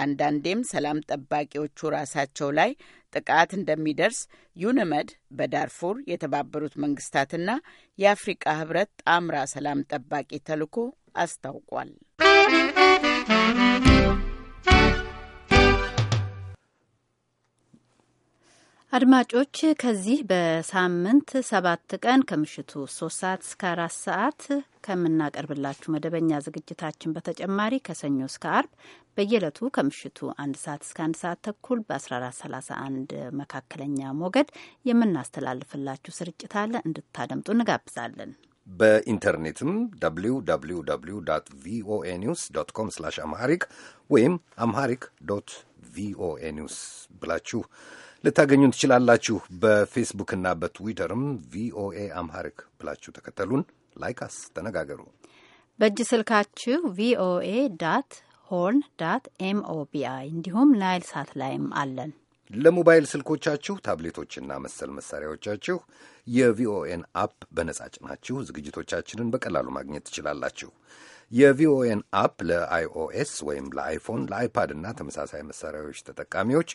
አንዳንዴም ሰላም ጠባቂዎቹ ራሳቸው ላይ ጥቃት እንደሚደርስ ዩነመድ በዳርፉር የተባበሩት መንግስታትና የአፍሪቃ ህብረት ጣምራ ሰላም ጠባቂ ተልዕኮ አስታውቋል። አድማጮች ከዚህ በሳምንት ሰባት ቀን ከምሽቱ ሶስት ሰዓት እስከ አራት ሰዓት ከምናቀርብላችሁ መደበኛ ዝግጅታችን በተጨማሪ ከሰኞ እስከ አርብ በየዕለቱ ከምሽቱ አንድ ሰዓት እስከ አንድ ሰዓት ተኩል በ1431 መካከለኛ ሞገድ የምናስተላልፍላችሁ ስርጭት አለ። እንድታደምጡ እንጋብዛለን። በኢንተርኔትም www ቪኦኤ ኒውስ ዶት ኮም ስላሽ አምሃሪክ ወይም አምሃሪክ ዶት ቪኦኤ ኒውስ ብላችሁ ልታገኙን ትችላላችሁ። በፌስቡክና በትዊተርም ቪኦኤ አምሃሪክ ብላችሁ ተከተሉን፣ ላይካስ ተነጋገሩ። በእጅ ስልካችሁ ቪኦኤ ዳት ሆርን ዳት ኤምኦቢአይ እንዲሁም ናይል ሳት ላይም አለን። ለሞባይል ስልኮቻችሁ ታብሌቶችና መሰል መሳሪያዎቻችሁ የቪኦኤን አፕ በነጻ ጭናችሁ ዝግጅቶቻችንን በቀላሉ ማግኘት ትችላላችሁ። የቪኦኤን አፕ ለአይኦኤስ ወይም ለአይፎን ለአይፓድ እና ተመሳሳይ መሳሪያዎች ተጠቃሚዎች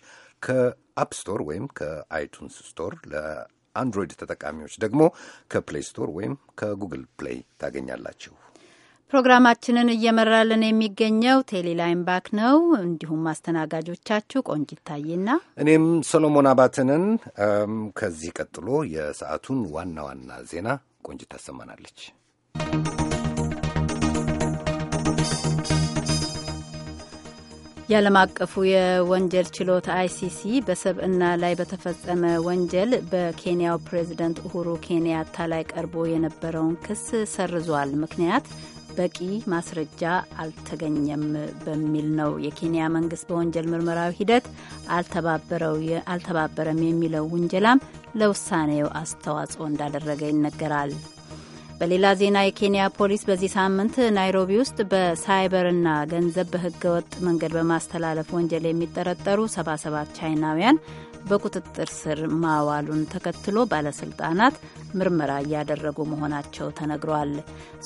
ከአፕ ስቶር ወይም ከአይቱንስ ስቶር ለአንድሮይድ ተጠቃሚዎች ደግሞ ከፕሌይ ስቶር ወይም ከጉግል ፕሌይ ታገኛላችሁ። ፕሮግራማችንን እየመራልን የሚገኘው ቴሌላይም ባክ ነው። እንዲሁም አስተናጋጆቻችሁ ቆንጂት ታዬና እኔም ሰሎሞን አባትንን። ከዚህ ቀጥሎ የሰዓቱን ዋና ዋና ዜና ቆንጂት ታሰማናለች። የዓለም አቀፉ የወንጀል ችሎት አይሲሲ በሰብዕና ላይ በተፈጸመ ወንጀል በኬንያው ፕሬዝደንት ኡሁሩ ኬንያታ ላይ ቀርቦ የነበረውን ክስ ሰርዟል። ምክንያት በቂ ማስረጃ አልተገኘም በሚል ነው። የኬንያ መንግስት በወንጀል ምርመራዊ ሂደት አልተባበረም የሚለው ውንጀላም ለውሳኔው አስተዋጽኦ እንዳደረገ ይነገራል። በሌላ ዜና የኬንያ ፖሊስ በዚህ ሳምንት ናይሮቢ ውስጥ በሳይበርና ገንዘብ በህገወጥ መንገድ በማስተላለፍ ወንጀል የሚጠረጠሩ 77 ቻይናውያን በቁጥጥር ስር ማዋሉን ተከትሎ ባለስልጣናት ምርመራ እያደረጉ መሆናቸው ተነግሯል።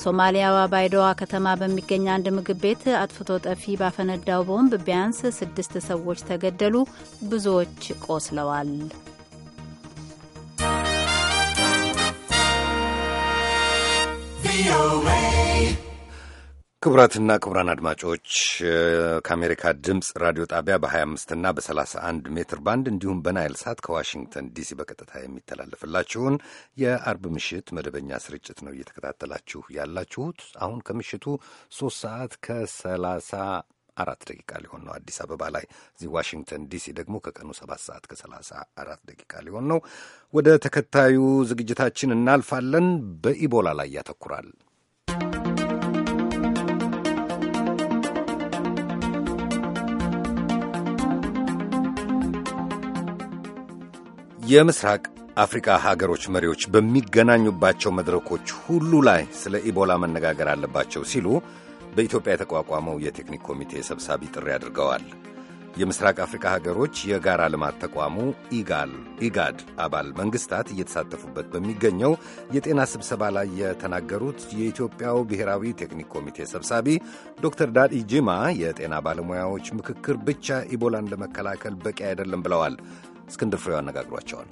ሶማሊያዋ ባይደዋ ከተማ በሚገኝ አንድ ምግብ ቤት አጥፍቶ ጠፊ ባፈነዳው ቦምብ ቢያንስ ስድስት ሰዎች ተገደሉ፣ ብዙዎች ቆስለዋል። ክቡራትና ክቡራን አድማጮች ከአሜሪካ ድምፅ ራዲዮ ጣቢያ በ25 እና በ31 ሜትር ባንድ እንዲሁም በናይል ሳት ከዋሽንግተን ዲሲ በቀጥታ የሚተላለፍላችሁን የአርብ ምሽት መደበኛ ስርጭት ነው እየተከታተላችሁ ያላችሁት። አሁን ከምሽቱ 3 ሰዓት ከ30 አራት ደቂቃ ሊሆን ነው አዲስ አበባ ላይ። እዚህ ዋሽንግተን ዲሲ ደግሞ ከቀኑ ሰባት ሰዓት ከሰላሳ አራት ደቂቃ ሊሆን ነው። ወደ ተከታዩ ዝግጅታችን እናልፋለን። በኢቦላ ላይ ያተኩራል። የምስራቅ አፍሪካ ሀገሮች መሪዎች በሚገናኙባቸው መድረኮች ሁሉ ላይ ስለ ኢቦላ መነጋገር አለባቸው ሲሉ በኢትዮጵያ የተቋቋመው የቴክኒክ ኮሚቴ ሰብሳቢ ጥሪ አድርገዋል። የምስራቅ አፍሪካ ሀገሮች የጋራ ልማት ተቋሙ ኢጋድ አባል መንግስታት እየተሳተፉበት በሚገኘው የጤና ስብሰባ ላይ የተናገሩት የኢትዮጵያው ብሔራዊ ቴክኒክ ኮሚቴ ሰብሳቢ ዶክተር ዳዲ ጂማ የጤና ባለሙያዎች ምክክር ብቻ ኢቦላን ለመከላከል በቂ አይደለም ብለዋል። እስክንድር ፍሬው አነጋግሯቸዋል።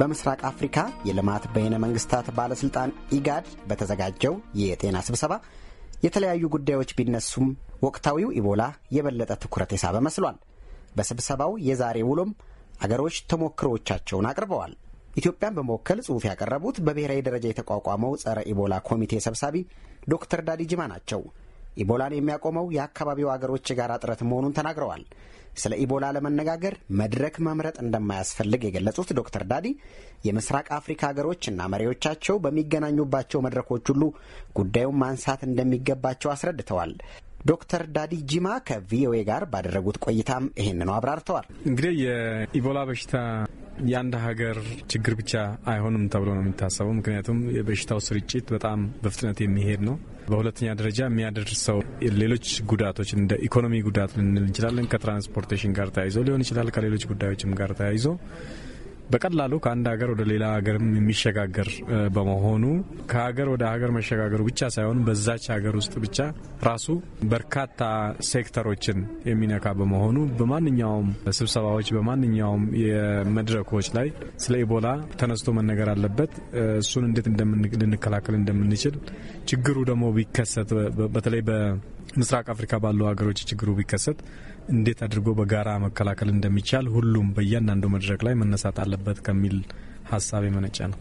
በምስራቅ አፍሪካ የልማት በይነ መንግስታት ባለሥልጣን ኢጋድ በተዘጋጀው የጤና ስብሰባ የተለያዩ ጉዳዮች ቢነሱም ወቅታዊው ኢቦላ የበለጠ ትኩረት የሳበ መስሏል። በስብሰባው የዛሬ ውሎም አገሮች ተሞክሮዎቻቸውን አቅርበዋል። ኢትዮጵያን በመወከል ጽሑፍ ያቀረቡት በብሔራዊ ደረጃ የተቋቋመው ጸረ ኢቦላ ኮሚቴ ሰብሳቢ ዶክተር ዳዲ ጅማ ናቸው። ኢቦላን የሚያቆመው የአካባቢው አገሮች የጋራ ጥረት መሆኑን ተናግረዋል። ስለ ኢቦላ ለመነጋገር መድረክ መምረጥ እንደማያስፈልግ የገለጹት ዶክተር ዳዲ የምስራቅ አፍሪካ ሀገሮችና መሪዎቻቸው በሚገናኙባቸው መድረኮች ሁሉ ጉዳዩን ማንሳት እንደሚገባቸው አስረድተዋል። ዶክተር ዳዲ ጂማ ከቪኦኤ ጋር ባደረጉት ቆይታም ይህንኑ አብራርተዋል። እንግዲህ የኢቦላ በሽታ የአንድ ሀገር ችግር ብቻ አይሆንም ተብሎ ነው የሚታሰበው። ምክንያቱም የበሽታው ስርጭት በጣም በፍጥነት የሚሄድ ነው። በሁለተኛ ደረጃ የሚያደርሰው ሌሎች ጉዳቶች እንደ ኢኮኖሚ ጉዳት ልንል እንችላለን። ከትራንስፖርቴሽን ጋር ተያይዞ ሊሆን ይችላል። ከሌሎች ጉዳዮችም ጋር ተያይዞ በቀላሉ ከአንድ ሀገር ወደ ሌላ ሀገር የሚሸጋገር በመሆኑ ከሀገር ወደ ሀገር መሸጋገሩ ብቻ ሳይሆን በዛች ሀገር ውስጥ ብቻ ራሱ በርካታ ሴክተሮችን የሚነካ በመሆኑ በማንኛውም ስብሰባዎች፣ በማንኛውም የመድረኮች ላይ ስለ ኢቦላ ተነስቶ መነገር አለበት። እሱን እንዴት ልንከላከል እንደምንችል ችግሩ ደግሞ ቢከሰት በተለይ ምስራቅ አፍሪካ ባሉ ሀገሮች ችግሩ ቢከሰት እንዴት አድርጎ በጋራ መከላከል እንደሚቻል ሁሉም በእያንዳንዱ መድረክ ላይ መነሳት አለበት ከሚል ሀሳብ የመነጨ ነው።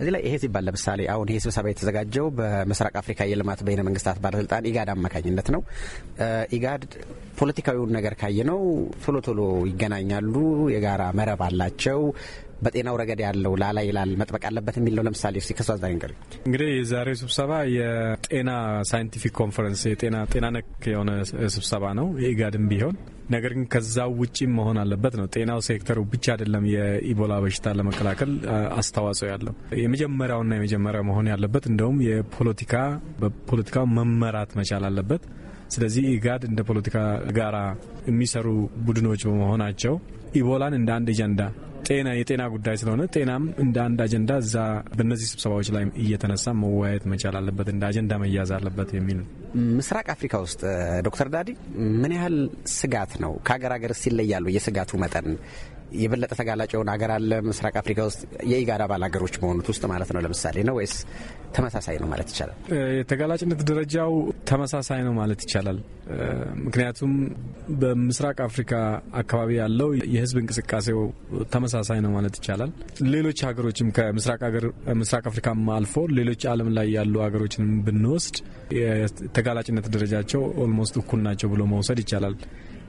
እዚህ ላይ ይሄ ሲባል ለምሳሌ አሁን ይሄ ስብሰባ የተዘጋጀው በምስራቅ አፍሪካ የልማት በይነ መንግስታት ባለስልጣን ኢጋድ አማካኝነት ነው። ኢጋድ ፖለቲካዊውን ነገር ካየ ነው ቶሎ ቶሎ ይገናኛሉ፣ የጋራ መረብ አላቸው፣ በጤናው ረገድ ያለው ላላ ይላል መጥበቅ አለበት የሚለው ለምሳሌ ስ ከሱ ዛሬ ንገር እንግዲህ የዛሬው ስብሰባ የጤና ሳይንቲፊክ ኮንፈረንስ የጤና ጤና ነክ የሆነ ስብሰባ ነው የኢጋድም ቢሆን ነገር ግን ከዛው ውጭም መሆን አለበት ነው። ጤናው ሴክተሩ ብቻ አይደለም የኢቦላ በሽታ ለመከላከል አስተዋጽኦ ያለው የመጀመሪያውና የመጀመሪያ መሆን ያለበት እንደውም የፖለቲካ በፖለቲካው መመራት መቻል አለበት። ስለዚህ ኢጋድ እንደ ፖለቲካ ጋራ የሚሰሩ ቡድኖች በመሆናቸው ኢቦላን እንደ አንድ ኤጀንዳ ጤና የጤና ጉዳይ ስለሆነ ጤናም እንደ አንድ አጀንዳ እዛ በእነዚህ ስብሰባዎች ላይ እየተነሳ መወያየት መቻል አለበት፣ እንደ አጀንዳ መያዝ አለበት የሚል ምስራቅ አፍሪካ ውስጥ ዶክተር ዳዲ ምን ያህል ስጋት ነው? ከሀገር ሀገር ሲለያሉ የስጋቱ መጠን የበለጠ ተጋላጭ የሆነ ሀገር አለ ምስራቅ አፍሪካ ውስጥ የኢጋድ አባል ሀገሮች በሆኑት ውስጥ ማለት ነው ለምሳሌ ነው ወይስ ተመሳሳይ ነው ማለት ይቻላል? የተጋላጭነት ደረጃው ተመሳሳይ ነው ማለት ይቻላል። ምክንያቱም በምስራቅ አፍሪካ አካባቢ ያለው የህዝብ እንቅስቃሴው ተመሳሳይ ነው ማለት ይቻላል። ሌሎች ሀገሮችም ከምስራቅ አፍሪካም አልፎ ሌሎች ዓለም ላይ ያሉ ሀገሮችንም ብንወስድ የተጋላጭነት ደረጃቸው ኦልሞስት እኩል ናቸው ብሎ መውሰድ ይቻላል።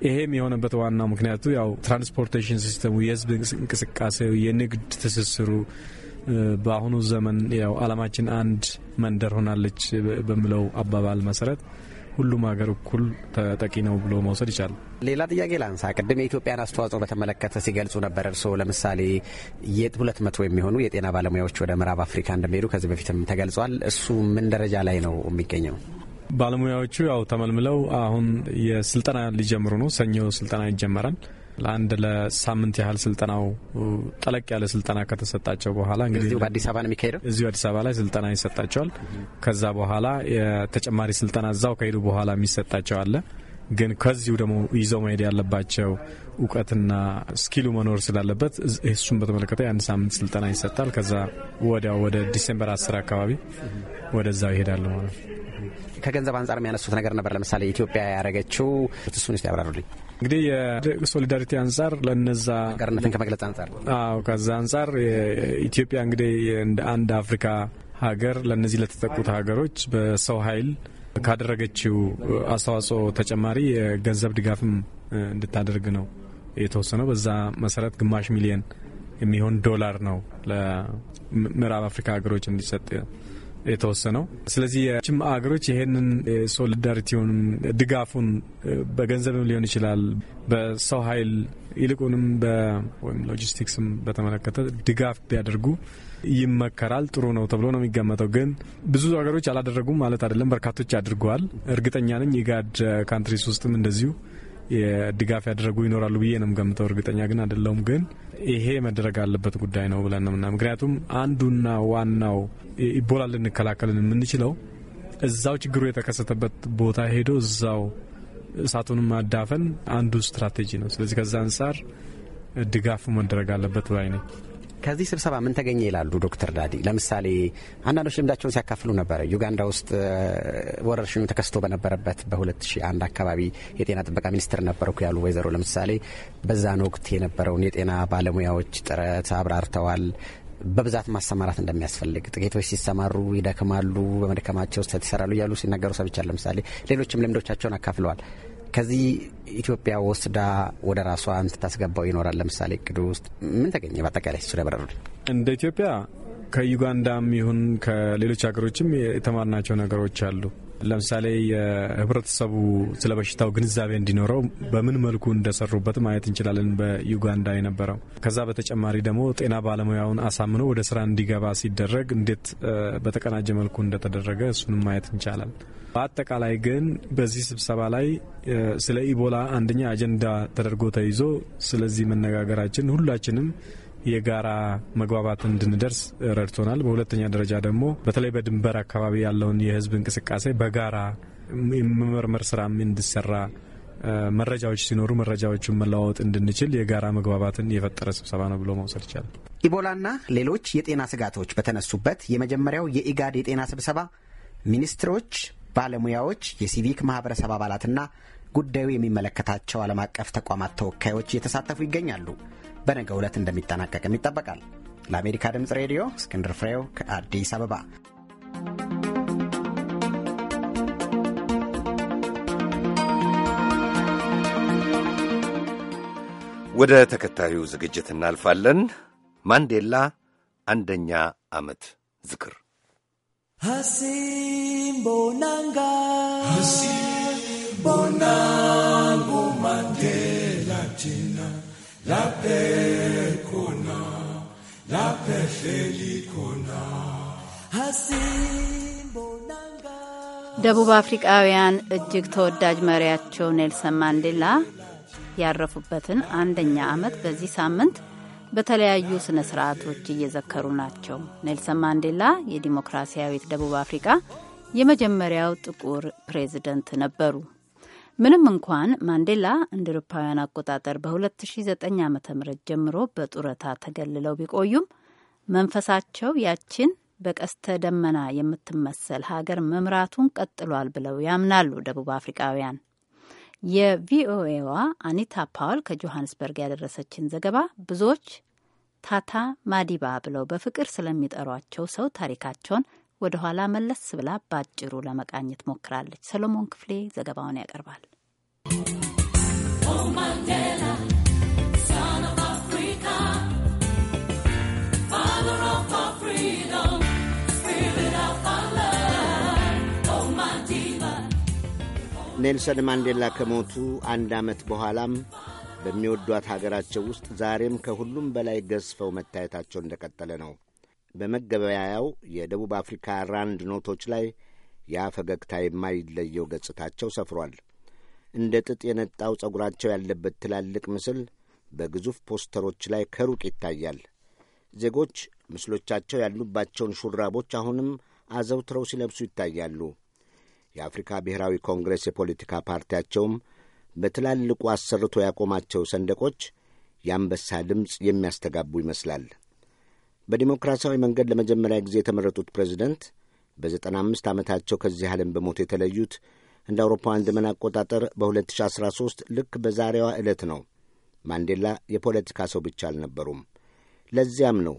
ይሄም የሆነበት ዋና ምክንያቱ ያው ትራንስፖርቴሽን ሲስተሙ፣ የህዝብ እንቅስቃሴው፣ የንግድ ትስስሩ በአሁኑ ዘመን ያው አለማችን አንድ መንደር ሆናለች በሚለው አባባል መሰረት ሁሉም ሀገር እኩል ተጠቂ ነው ብሎ መውሰድ ይቻላል። ሌላ ጥያቄ ላንሳ። ቅድም የኢትዮጵያን አስተዋጽኦ በተመለከተ ሲገልጹ ነበር እርስዎ። ለምሳሌ ሁለት መቶ የሚሆኑ የጤና ባለሙያዎች ወደ ምዕራብ አፍሪካ እንደሚሄዱ ከዚህ በፊትም ተገልጿል። እሱ ምን ደረጃ ላይ ነው የሚገኘው? ባለሙያዎቹ ያው ተመልምለው አሁን የስልጠና ሊጀምሩ ነው። ሰኞ ስልጠና ይጀመራል። ለአንድ ለሳምንት ያህል ስልጠናው ጠለቅ ያለ ስልጠና ከተሰጣቸው በኋላ እንግዲህ በአዲስ አበባ ነው የሚካሄደው። እዚሁ አዲስ አበባ ላይ ስልጠና ይሰጣቸዋል። ከዛ በኋላ የተጨማሪ ስልጠና እዛው ከሄዱ በኋላ የሚሰጣቸው አለ። ግን ከዚሁ ደግሞ ይዘው መሄድ ያለባቸው እውቀትና ስኪሉ መኖር ስላለበት እሱን በተመለከተ የአንድ ሳምንት ስልጠና ይሰጣል። ከዛ ወዲያው ወደ ዲሴምበር አስር አካባቢ ወደዛው ይሄዳሉ ማለት ነው። ከገንዘብ አንጻር የሚያነሱት ነገር ነበር። ለምሳሌ ኢትዮጵያ ያደረገችው እሱን ስ ያብራሩልኝ። እንግዲህ የሶሊዳሪቲ አንጻር ለነዛ ሀገርነትን ከመግለጽ አንጻር አዎ፣ ከዛ አንጻር ኢትዮጵያ እንግዲህ እንደ አንድ አፍሪካ ሀገር ለእነዚህ ለተጠቁት ሀገሮች በሰው ኃይል ካደረገችው አስተዋጽኦ ተጨማሪ የገንዘብ ድጋፍም እንድታደርግ ነው የተወሰነው። በዛ መሰረት ግማሽ ሚሊየን የሚሆን ዶላር ነው ለምዕራብ አፍሪካ ሀገሮች እንዲሰጥ የተወሰነው። ስለዚህ የችም ሀገሮች ይሄንን ሶሊዳሪቲውን ድጋፉን በገንዘብም ሊሆን ይችላል፣ በሰው ኃይል ይልቁንም ወይም ሎጂስቲክስም በተመለከተ ድጋፍ ቢያደርጉ ይመከራል። ጥሩ ነው ተብሎ ነው የሚገመተው ግን ብዙ ሀገሮች አላደረጉም ማለት አይደለም። በርካቶች አድርገዋል። እርግጠኛ ነኝ ኢጋድ ካንትሪስ ውስጥም እንደዚሁ ድጋፍ ያደረጉ ይኖራሉ ብዬ ነው ገምተው፣ እርግጠኛ ግን አይደለውም ግን ይሄ መደረግ አለበት ጉዳይ ነው ብለን ምና ምክንያቱም አንዱና ዋናው ኢቦላ ልንከላከልን የምንችለው እዛው ችግሩ የተከሰተበት ቦታ ሄዶ እዛው እሳቱን ማዳፈን አንዱ ስትራቴጂ ነው። ስለዚህ ከዛ አንጻር ድጋፉ መደረግ አለበት ባይ ነኝ። ከዚህ ስብሰባ ምን ተገኘ ይላሉ ዶክተር ዳዲ? ለምሳሌ አንዳንዶች ልምዳቸውን ሲያካፍሉ ነበረ። ዩጋንዳ ውስጥ ወረርሽኙ ተከስቶ በነበረበት በ2001 አካባቢ የጤና ጥበቃ ሚኒስትር ነበርኩ ያሉ ወይዘሮ ለምሳሌ በዛን ወቅት የነበረውን የጤና ባለሙያዎች ጥረት አብራርተዋል። በብዛት ማሰማራት እንደሚያስፈልግ ጥቂቶች ሲሰማሩ ይደክማሉ፣ በመድከማቸው ስህተት ይሰራሉ እያሉ ሲናገሩ ሰብቻል። ለምሳሌ ሌሎችም ልምዶቻቸውን አካፍለዋል። ከዚህ ኢትዮጵያ ወስዳ ወደ ራሷ የምትታስገባው ይኖራል። ለምሳሌ እቅዱ ውስጥ ምን ተገኘ? በአጠቃላይ ሱ ያበረሩ እንደ ኢትዮጵያ ከዩጋንዳም ይሁን ከሌሎች ሀገሮችም የተማርናቸው ነገሮች አሉ። ለምሳሌ የህብረተሰቡ ስለ በሽታው ግንዛቤ እንዲኖረው በምን መልኩ እንደሰሩበት ማየት እንችላለን። በዩጋንዳ የነበረው ከዛ በተጨማሪ ደግሞ ጤና ባለሙያውን አሳምኖ ወደ ስራ እንዲገባ ሲደረግ እንዴት በተቀናጀ መልኩ እንደተደረገ እሱንም ማየት እንቻላል። በአጠቃላይ ግን በዚህ ስብሰባ ላይ ስለ ኢቦላ አንደኛ አጀንዳ ተደርጎ ተይዞ ስለዚህ መነጋገራችን ሁላችንም የጋራ መግባባት እንድንደርስ ረድቶናል። በሁለተኛ ደረጃ ደግሞ በተለይ በድንበር አካባቢ ያለውን የህዝብ እንቅስቃሴ በጋራ የመመርመር ስራም እንዲሰራ መረጃዎች ሲኖሩ መረጃዎቹን መለዋወጥ እንድንችል የጋራ መግባባትን የፈጠረ ስብሰባ ነው ብሎ መውሰድ ይቻላል። ኢቦላና ሌሎች የጤና ስጋቶች በተነሱበት የመጀመሪያው የኢጋድ የጤና ስብሰባ ሚኒስትሮች፣ ባለሙያዎች፣ የሲቪክ ማህበረሰብ አባላትና ጉዳዩ የሚመለከታቸው ዓለም አቀፍ ተቋማት ተወካዮች እየተሳተፉ ይገኛሉ። በነገ ዕለት እንደሚጠናቀቅም ይጠበቃል። ለአሜሪካ ድምፅ ሬዲዮ እስክንድር ፍሬው ከአዲስ አበባ። ወደ ተከታዩ ዝግጅት እናልፋለን። ማንዴላ አንደኛ ዓመት ዝክር ሐሲም bonanga Hasim bonangu a, la paix hleli qu'on a. ደቡብ አፍሪቃውያን እጅግ ተወዳጅ መሪያቸው ኔልሰን ማንዴላ ያረፉበትን አንደኛ ዓመት በዚህ ሳምንት በተለያዩ ስነ ስርዓቶች እየዘከሩ ናቸው። ኔልሰን ማንዴላ የዲሞክራሲያዊት ደቡብ አፍሪቃ የመጀመሪያው ጥቁር ፕሬዝደንት ነበሩ። ምንም እንኳን ማንዴላ እንደ አውሮፓውያን አቆጣጠር በ2009 ዓ ም ጀምሮ በጡረታ ተገልለው ቢቆዩም መንፈሳቸው ያችን በቀስተ ደመና የምትመሰል ሀገር መምራቱን ቀጥሏል ብለው ያምናሉ ደቡብ አፍሪካውያን። የቪኦኤዋ አኒታ ፓውል ከጆሃንስበርግ ያደረሰችን ዘገባ ብዙዎች ታታ ማዲባ ብለው በፍቅር ስለሚጠሯቸው ሰው ታሪካቸውን ወደ ኋላ መለስ ብላ በአጭሩ ለመቃኘት ሞክራለች። ሰሎሞን ክፍሌ ዘገባውን ያቀርባል። ኔልሰን ማንዴላ ከሞቱ አንድ ዓመት በኋላም በሚወዷት ሀገራቸው ውስጥ ዛሬም ከሁሉም በላይ ገዝፈው መታየታቸው እንደቀጠለ ነው። በመገበያያው የደቡብ አፍሪካ ራንድ ኖቶች ላይ ያ ፈገግታ የማይለየው ገጽታቸው ሰፍሯል። እንደ ጥጥ የነጣው ጸጉራቸው ያለበት ትላልቅ ምስል በግዙፍ ፖስተሮች ላይ ከሩቅ ይታያል። ዜጎች ምስሎቻቸው ያሉባቸውን ሹራቦች አሁንም አዘውትረው ሲለብሱ ይታያሉ። የአፍሪካ ብሔራዊ ኮንግረስ የፖለቲካ ፓርቲያቸውም በትላልቁ አሰርቶ ያቆማቸው ሰንደቆች የአንበሳ ድምፅ የሚያስተጋቡ ይመስላል። በዲሞክራሲያዊ መንገድ ለመጀመሪያ ጊዜ የተመረጡት ፕሬዚደንት በ95 ዓመታቸው ከዚህ ዓለም በሞት የተለዩት እንደ አውሮፓውያን ዘመን አቆጣጠር በ2013 ልክ በዛሬዋ ዕለት ነው። ማንዴላ የፖለቲካ ሰው ብቻ አልነበሩም። ለዚያም ነው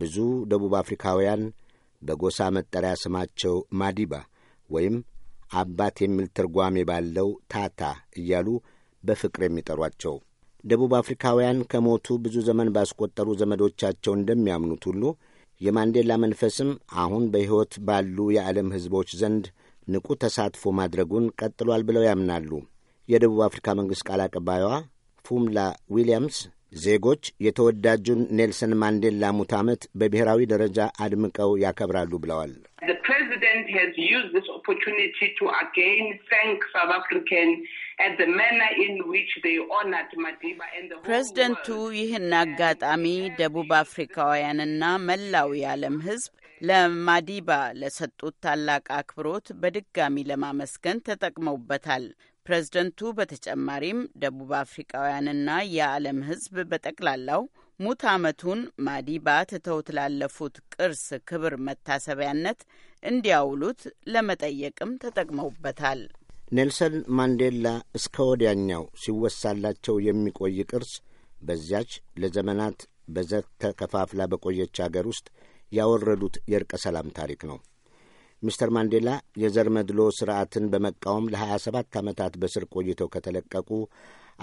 ብዙ ደቡብ አፍሪካውያን በጎሳ መጠሪያ ስማቸው ማዲባ ወይም አባት የሚል ትርጓሜ ባለው ታታ እያሉ በፍቅር የሚጠሯቸው። ደቡብ አፍሪካውያን ከሞቱ ብዙ ዘመን ባስቆጠሩ ዘመዶቻቸው እንደሚያምኑት ሁሉ የማንዴላ መንፈስም አሁን በሕይወት ባሉ የዓለም ሕዝቦች ዘንድ ንቁ ተሳትፎ ማድረጉን ቀጥሏል ብለው ያምናሉ። የደቡብ አፍሪካ መንግሥት ቃል አቀባዩዋ ፉምላ ዊልያምስ ዜጎች የተወዳጁን ኔልሰን ማንዴላ ሙት ዓመት በብሔራዊ ደረጃ አድምቀው ያከብራሉ ብለዋል። ፕሬዚደንት ፕሬዝደንቱ ይህን አጋጣሚ ደቡብ አፍሪካውያንና መላው የዓለም ሕዝብ ለማዲባ ለሰጡት ታላቅ አክብሮት በድጋሚ ለማመስገን ተጠቅመውበታል። ፕሬዝደንቱ በተጨማሪም ደቡብ አፍሪካውያንና የዓለም ሕዝብ በጠቅላላው ሙት ዓመቱን ማዲባ ትተውት ላለፉት ቅርስ ክብር መታሰቢያነት እንዲያውሉት ለመጠየቅም ተጠቅመውበታል። ኔልሰን ማንዴላ እስከ ወዲያኛው ሲወሳላቸው የሚቆይ ቅርስ በዚያች ለዘመናት በዘር ተከፋፍላ በቆየች አገር ውስጥ ያወረዱት የእርቀ ሰላም ታሪክ ነው። ሚስተር ማንዴላ የዘር መድሎ ሥርዓትን በመቃወም ለ27 ዓመታት በስር ቆይተው ከተለቀቁ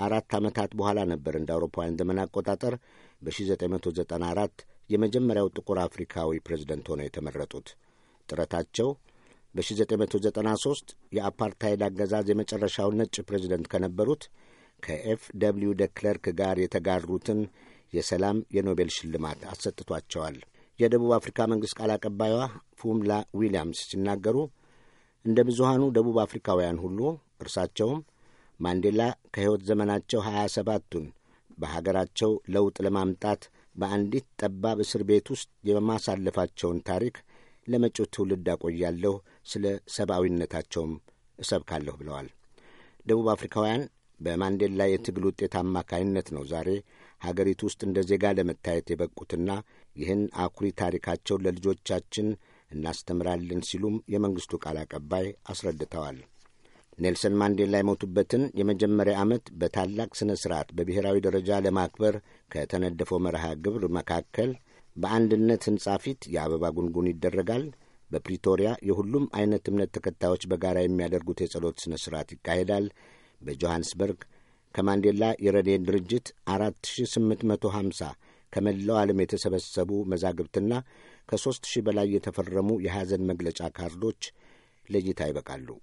አራት ዓመታት በኋላ ነበር እንደ አውሮፓውያን ዘመን አቆጣጠር በ1994 የመጀመሪያው ጥቁር አፍሪካዊ ፕሬዝደንት ሆነው የተመረጡት። ጥረታቸው በ1993 የአፓርታይድ አገዛዝ የመጨረሻውን ነጭ ፕሬዚደንት ከነበሩት ከኤፍ ደብልዩ ደክለርክ ጋር የተጋሩትን የሰላም የኖቤል ሽልማት አሰጥቷቸዋል። የደቡብ አፍሪካ መንግሥት ቃል አቀባይዋ ፉምላ ዊልያምስ ሲናገሩ እንደ ብዙሃኑ ደቡብ አፍሪካውያን ሁሉ እርሳቸውም ማንዴላ ከሕይወት ዘመናቸው ሀያ ሰባቱን በሀገራቸው ለውጥ ለማምጣት በአንዲት ጠባብ እስር ቤት ውስጥ የማሳለፋቸውን ታሪክ ለመጪው ትውልድ አቆያለሁ ስለ ሰብአዊነታቸውም እሰብካለሁ ብለዋል። ደቡብ አፍሪካውያን በማንዴላ የትግል ውጤት አማካይነት ነው ዛሬ ሀገሪቱ ውስጥ እንደ ዜጋ ለመታየት የበቁትና ይህን አኩሪ ታሪካቸውን ለልጆቻችን እናስተምራለን ሲሉም የመንግስቱ ቃል አቀባይ አስረድተዋል። ኔልሰን ማንዴላ የሞቱበትን የመጀመሪያ ዓመት በታላቅ ሥነ ሥርዓት በብሔራዊ ደረጃ ለማክበር ከተነደፈው መርሃ ግብር መካከል በአንድነት ሕንጻ ፊት የአበባ ጉንጉን ይደረጋል። በፕሪቶሪያ የሁሉም አይነት እምነት ተከታዮች በጋራ የሚያደርጉት የጸሎት ሥነ ሥርዓት ይካሄዳል። በጆሐንስበርግ ከማንዴላ የረድኤት ድርጅት 4850 ከመላው ዓለም የተሰበሰቡ መዛግብትና ከ3000 በላይ የተፈረሙ የሐዘን መግለጫ ካርዶች ለእይታ ይበቃሉ።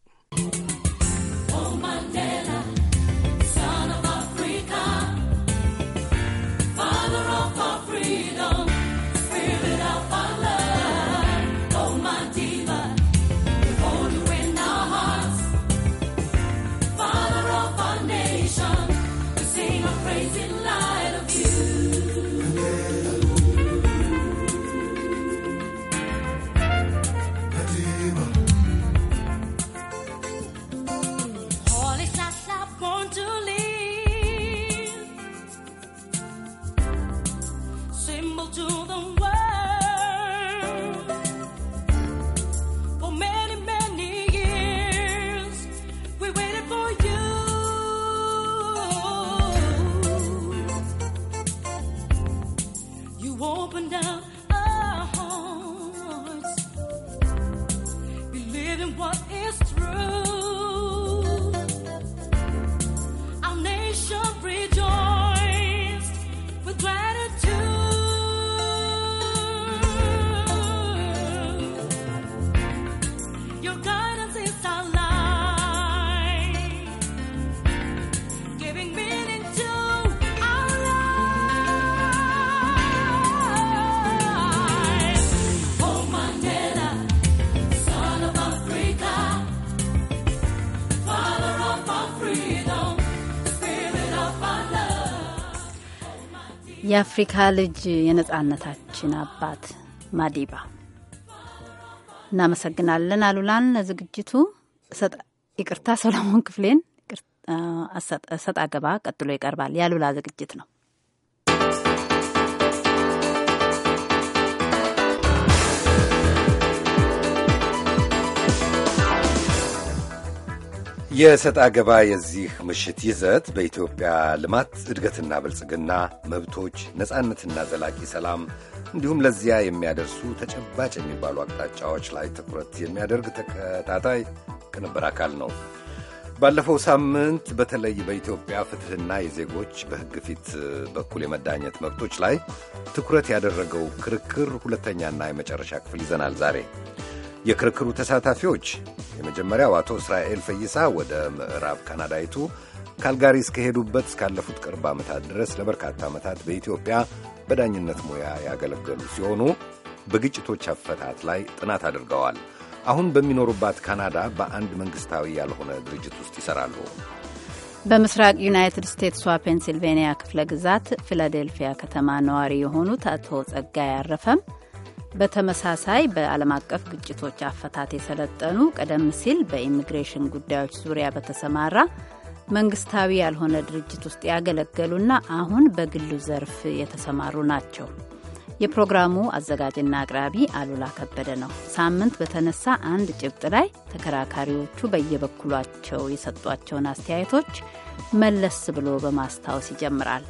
የአፍሪካ ልጅ የነጻነታችን አባት ማዲባ እናመሰግናለን። አሉላን ዝግጅቱ ይቅርታ፣ ሰሎሞን ክፍሌን እሰጥ አገባ ቀጥሎ ይቀርባል። የአሉላ ዝግጅት ነው። የሰጥ አገባ የዚህ ምሽት ይዘት በኢትዮጵያ ልማት እድገትና ብልጽግና፣ መብቶች፣ ነጻነትና ዘላቂ ሰላም እንዲሁም ለዚያ የሚያደርሱ ተጨባጭ የሚባሉ አቅጣጫዎች ላይ ትኩረት የሚያደርግ ተከታታይ ቅንብር አካል ነው። ባለፈው ሳምንት በተለይ በኢትዮጵያ ፍትሕና የዜጎች በሕግ ፊት በኩል የመዳኘት መብቶች ላይ ትኩረት ያደረገው ክርክር ሁለተኛና የመጨረሻ ክፍል ይዘናል ዛሬ የክርክሩ ተሳታፊዎች የመጀመሪያው አቶ እስራኤል ፈይሳ ወደ ምዕራብ ካናዳይቱ ካልጋሪ እስከሄዱበት እስካለፉት ቅርብ ዓመታት ድረስ ለበርካታ ዓመታት በኢትዮጵያ በዳኝነት ሙያ ያገለገሉ ሲሆኑ በግጭቶች አፈታት ላይ ጥናት አድርገዋል። አሁን በሚኖሩባት ካናዳ በአንድ መንግሥታዊ ያልሆነ ድርጅት ውስጥ ይሠራሉ። በምስራቅ ዩናይትድ ስቴትስዋ ፔንሲልቬንያ ክፍለ ግዛት ፊላዴልፊያ ከተማ ነዋሪ የሆኑት አቶ ጸጋዬ አረፈም በተመሳሳይ በዓለም አቀፍ ግጭቶች አፈታት የሰለጠኑ ቀደም ሲል በኢሚግሬሽን ጉዳዮች ዙሪያ በተሰማራ መንግስታዊ ያልሆነ ድርጅት ውስጥ ያገለገሉና አሁን በግሉ ዘርፍ የተሰማሩ ናቸው። የፕሮግራሙ አዘጋጅና አቅራቢ አሉላ ከበደ ነው። ሳምንት በተነሳ አንድ ጭብጥ ላይ ተከራካሪዎቹ በየበኩላቸው የሰጧቸውን አስተያየቶች መለስ ብሎ በማስታወስ ይጀምራል።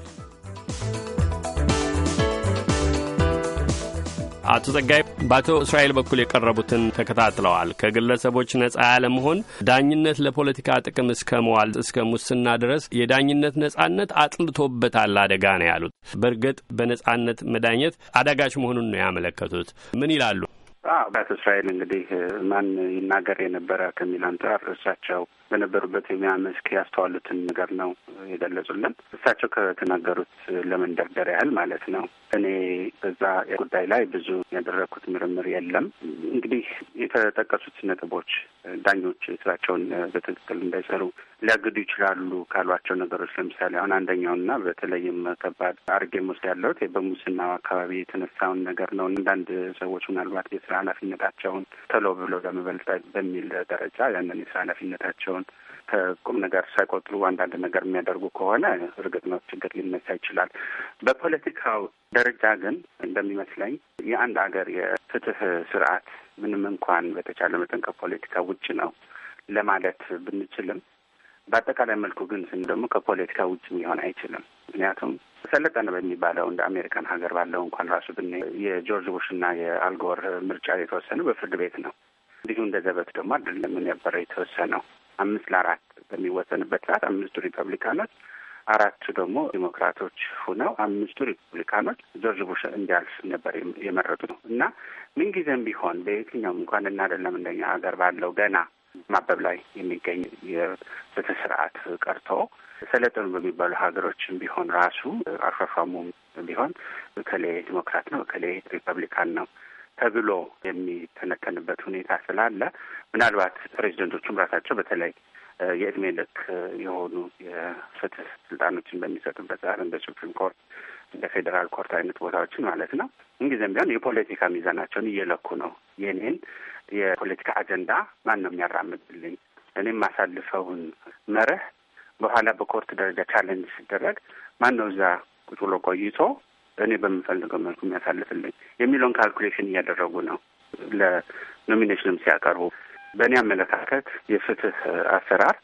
አቶ ጸጋይ በአቶ እስራኤል በኩል የቀረቡትን ተከታትለዋል። ከግለሰቦች ነጻ ያለመሆን ዳኝነት ለፖለቲካ ጥቅም እስከ መዋል እስከ ሙስና ድረስ የዳኝነት ነጻነት አጥልቶበታል አደጋ ነው ያሉት። በእርግጥ በነጻነት መዳኘት አዳጋች መሆኑን ነው ያመለከቱት። ምን ይላሉ? አቶ እስራኤል እንግዲህ ማን ይናገር የነበረ ከሚል አንጻር እሳቸው በነበሩበት የሙያ መስክ ያስተዋሉትን ነገር ነው የገለጹልን። እሳቸው ከተናገሩት ለመንደርደር ያህል ማለት ነው። እኔ በዛ ጉዳይ ላይ ብዙ ያደረግኩት ምርምር የለም። እንግዲህ የተጠቀሱት ነጥቦች ዳኞች ስራቸውን በትክክል እንዳይሰሩ ሊያግዱ ይችላሉ ካሏቸው ነገሮች ለምሳሌ አሁን አንደኛውና በተለይም ከባድ አርጌ ውስጥ ያለሁት በሙስናው አካባቢ የተነሳውን ነገር ነው። አንዳንድ ሰዎች ምናልባት የስራ ኃላፊነታቸውን ቶሎ ብሎ ለመበልጠግ በሚል ደረጃ ያንን የስራ ኃላፊነታቸውን ከቁም ነገር ሳይቆጥሩ አንዳንድ ነገር የሚያደርጉ ከሆነ እርግጥ ነው ችግር ሊነሳ ይችላል። በፖለቲካው ደረጃ ግን እንደሚመስለኝ የአንድ ሀገር የፍትህ ስርዓት ምንም እንኳን በተቻለ መጠን ከፖለቲካ ውጭ ነው ለማለት ብንችልም በአጠቃላይ መልኩ ግን ስን ደግሞ ከፖለቲካ ውጭ ሊሆን አይችልም። ምክንያቱም ሰለጠነ በሚባለው እንደ አሜሪካን ሀገር ባለው እንኳን ራሱ ብን የጆርጅ ቡሽና የአልጎር ምርጫ የተወሰነው በፍርድ ቤት ነው። እንዲሁ እንደ ዘበት ደግሞ አይደለም የነበረ የተወሰነው አምስት ለአራት በሚወሰንበት ሰዓት አምስቱ ሪፐብሊካኖች አራቱ ደግሞ ዲሞክራቶች ሁነው አምስቱ ሪፐብሊካኖች ጆርጅ ቡሽ እንዲያልፍ ነበር የመረጡ ነው እና ምንጊዜም ቢሆን በየትኛውም እንኳን እናደለም እንደኛ ሀገር ባለው ገና ማበብ ላይ የሚገኝ የፍትህ ስርዓት ቀርቶ ሰለጠኑ በሚባሉ ሀገሮችም ቢሆን ራሱ አሸፋሙም ቢሆን እከሌ ዲሞክራት ነው፣ እከሌ ሪፐብሊካን ነው ተብሎ የሚተነተንበት ሁኔታ ስላለ ምናልባት ፕሬዚደንቶቹም ራሳቸው በተለይ የእድሜ ልክ የሆኑ የፍትህ ስልጣኖችን በሚሰጡበት ዛር እንደ ሱፕሪም ኮርት እንደ ፌዴራል ኮርት አይነት ቦታዎችን ማለት ነው እንጊዜም ቢሆን የፖለቲካ ሚዛናቸውን እየለኩ ነው። የኔን የፖለቲካ አጀንዳ ማን ነው የሚያራምድልኝ? እኔም ማሳልፈውን መርህ በኋላ በኮርት ደረጃ ቻለንጅ ሲደረግ ማን ነው እዛ ቁጭ ብሎ ቆይቶ እኔ በምፈልገው መልኩ የሚያሳልፍልኝ የሚለውን ካልኩሌሽን እያደረጉ ነው። ለኖሚኔሽንም ሲያቀርቡ በእኔ አመለካከት የፍትህ አሰራር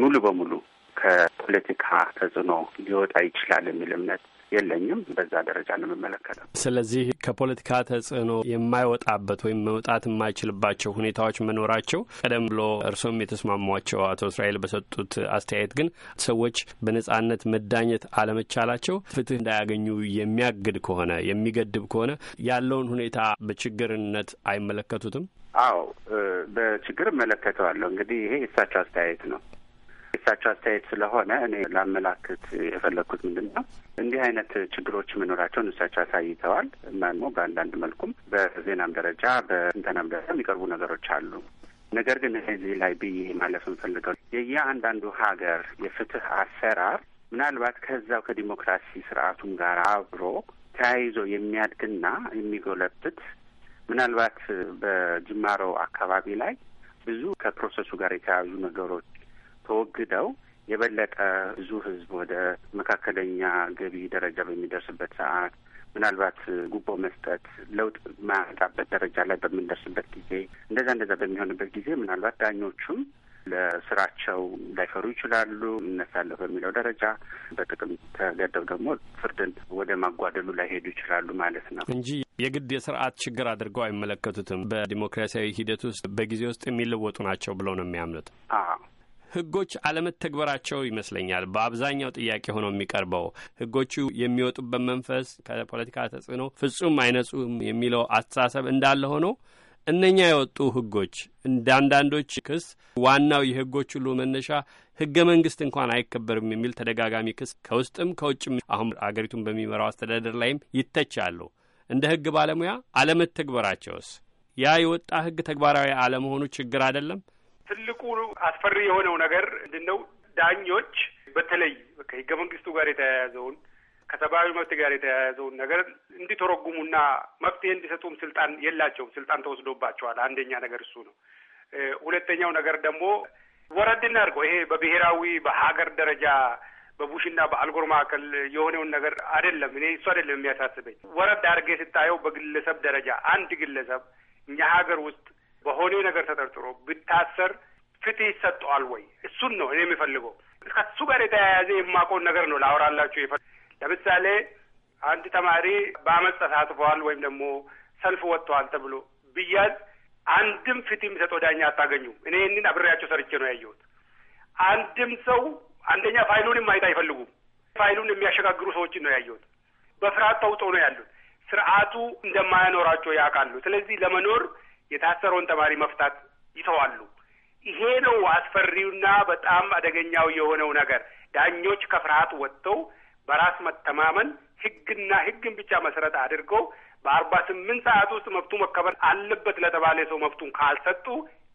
ሙሉ በሙሉ ከፖለቲካ ተጽዕኖ ሊወጣ ይችላል የሚል እምነት የለኝም። በዛ ደረጃ ነው የምመለከተው። ስለዚህ ከፖለቲካ ተጽዕኖ የማይወጣበት ወይም መውጣት የማይችልባቸው ሁኔታዎች መኖራቸው ቀደም ብሎ እርሶም የተስማሟቸው አቶ እስራኤል በሰጡት አስተያየት ግን ሰዎች በነጻነት መዳኘት አለመቻላቸው ፍትህ እንዳያገኙ የሚያግድ ከሆነ የሚገድብ ከሆነ ያለውን ሁኔታ በችግርነት አይመለከቱትም? አዎ፣ በችግር እመለከተዋለሁ። እንግዲህ ይሄ የእሳቸው አስተያየት ነው። የእሳቸው አስተያየት ስለሆነ እኔ ላመላክት የፈለግኩት ምንድን ነው እንዲህ አይነት ችግሮች መኖራቸውን እሳቸው አሳይተዋል እና ደግሞ በአንዳንድ መልኩም በዜናም ደረጃ በስንተናም ደረጃ የሚቀርቡ ነገሮች አሉ። ነገር ግን እዚህ ላይ ብዬ ማለፍ እንፈልገው የየአንዳንዱ ሀገር የፍትህ አሰራር ምናልባት ከዛው ከዲሞክራሲ ስርዓቱም ጋር አብሮ ተያይዞ የሚያድግና የሚጎለብት ምናልባት በጅማሮ አካባቢ ላይ ብዙ ከፕሮሰሱ ጋር የተያያዙ ነገሮች ተወግደው የበለጠ ብዙ ህዝብ ወደ መካከለኛ ገቢ ደረጃ በሚደርስበት ሰዓት ምናልባት ጉቦ መስጠት ለውጥ ማያመጣበት ደረጃ ላይ በምንደርስበት ጊዜ እንደዛ እንደዛ በሚሆንበት ጊዜ ምናልባት ዳኞቹም ለስራቸው ላይፈሩ ይችላሉ። እነሳለሁ በሚለው ደረጃ በጥቅም ተገደው ደግሞ ፍርድን ወደ ማጓደሉ ላይ ሄዱ ይችላሉ ማለት ነው እንጂ የግድ የስርዓት ችግር አድርገው አይመለከቱትም። በዲሞክራሲያዊ ሂደት ውስጥ በጊዜ ውስጥ የሚለወጡ ናቸው ብለው ነው የሚያምኑት። አዎ ህጎች አለመተግበራቸው ይመስለኛል በአብዛኛው ጥያቄ ሆኖ የሚቀርበው። ህጎቹ የሚወጡበት መንፈስ ከፖለቲካ ተጽዕኖ ፍጹም አይነጹም የሚለው አስተሳሰብ እንዳለ ሆኖ እነኛ የወጡ ህጎች እንደ አንዳንዶች ክስ ዋናው የህጎች ሁሉ መነሻ ህገ መንግስት እንኳን አይከበርም የሚል ተደጋጋሚ ክስ ከውስጥም ከውጭም አሁን አገሪቱን በሚመራው አስተዳደር ላይም ይተቻሉ። እንደ ህግ ባለሙያ አለመተግበራቸውስ ያ የወጣ ህግ ተግባራዊ አለመሆኑ ችግር አይደለም? ትልቁ አስፈሪ የሆነው ነገር ምንድን ነው? ዳኞች በተለይ ከህገ መንግስቱ ጋር የተያያዘውን ከሰብአዊ መብት ጋር የተያያዘውን ነገር እንዲተረጉሙና መፍትሄ እንዲሰጡም ስልጣን የላቸውም። ስልጣን ተወስዶባቸዋል። አንደኛ ነገር እሱ ነው። ሁለተኛው ነገር ደግሞ ወረድ አድርገው ይሄ በብሔራዊ በሀገር ደረጃ በቡሽና በአልጎር መካከል የሆነውን ነገር አይደለም። እኔ እሱ አይደለም የሚያሳስበኝ። ወረድ አድርጌ ስታየው በግለሰብ ደረጃ አንድ ግለሰብ እኛ ሀገር ውስጥ በሆኔ ነገር ተጠርጥሮ ብታሰር ፍትህ ይሰጠዋል ወይ? እሱን ነው እኔ የሚፈልገው። ከሱ ጋር የተያያዘ የማውቀውን ነገር ነው ላወራላችሁ። ለምሳሌ አንድ ተማሪ በአመፅ ተሳትፈዋል ወይም ደግሞ ሰልፍ ወጥተዋል ተብሎ ብያዝ አንድም ፍትህ የሚሰጠው ዳኛ አታገኙም። እኔ ይህንን አብሬያቸው ሰርቼ ነው ያየሁት። አንድም ሰው አንደኛ ፋይሉንም ማየት አይፈልጉም። ፋይሉን የሚያሸጋግሩ ሰዎችን ነው ያየሁት። በፍርሃት ተውጦ ነው ያሉት። ስርዓቱ እንደማያኖራቸው ያውቃሉ። ስለዚህ ለመኖር የታሰረውን ተማሪ መፍታት ይተዋሉ። ይሄ ነው አስፈሪውና በጣም አደገኛው የሆነው ነገር። ዳኞች ከፍርሃት ወጥተው በራስ መተማመን ህግና ህግን ብቻ መሰረት አድርገው በአርባ ስምንት ሰዓት ውስጥ መብቱ መከበር አለበት ለተባለ ሰው መብቱን ካልሰጡ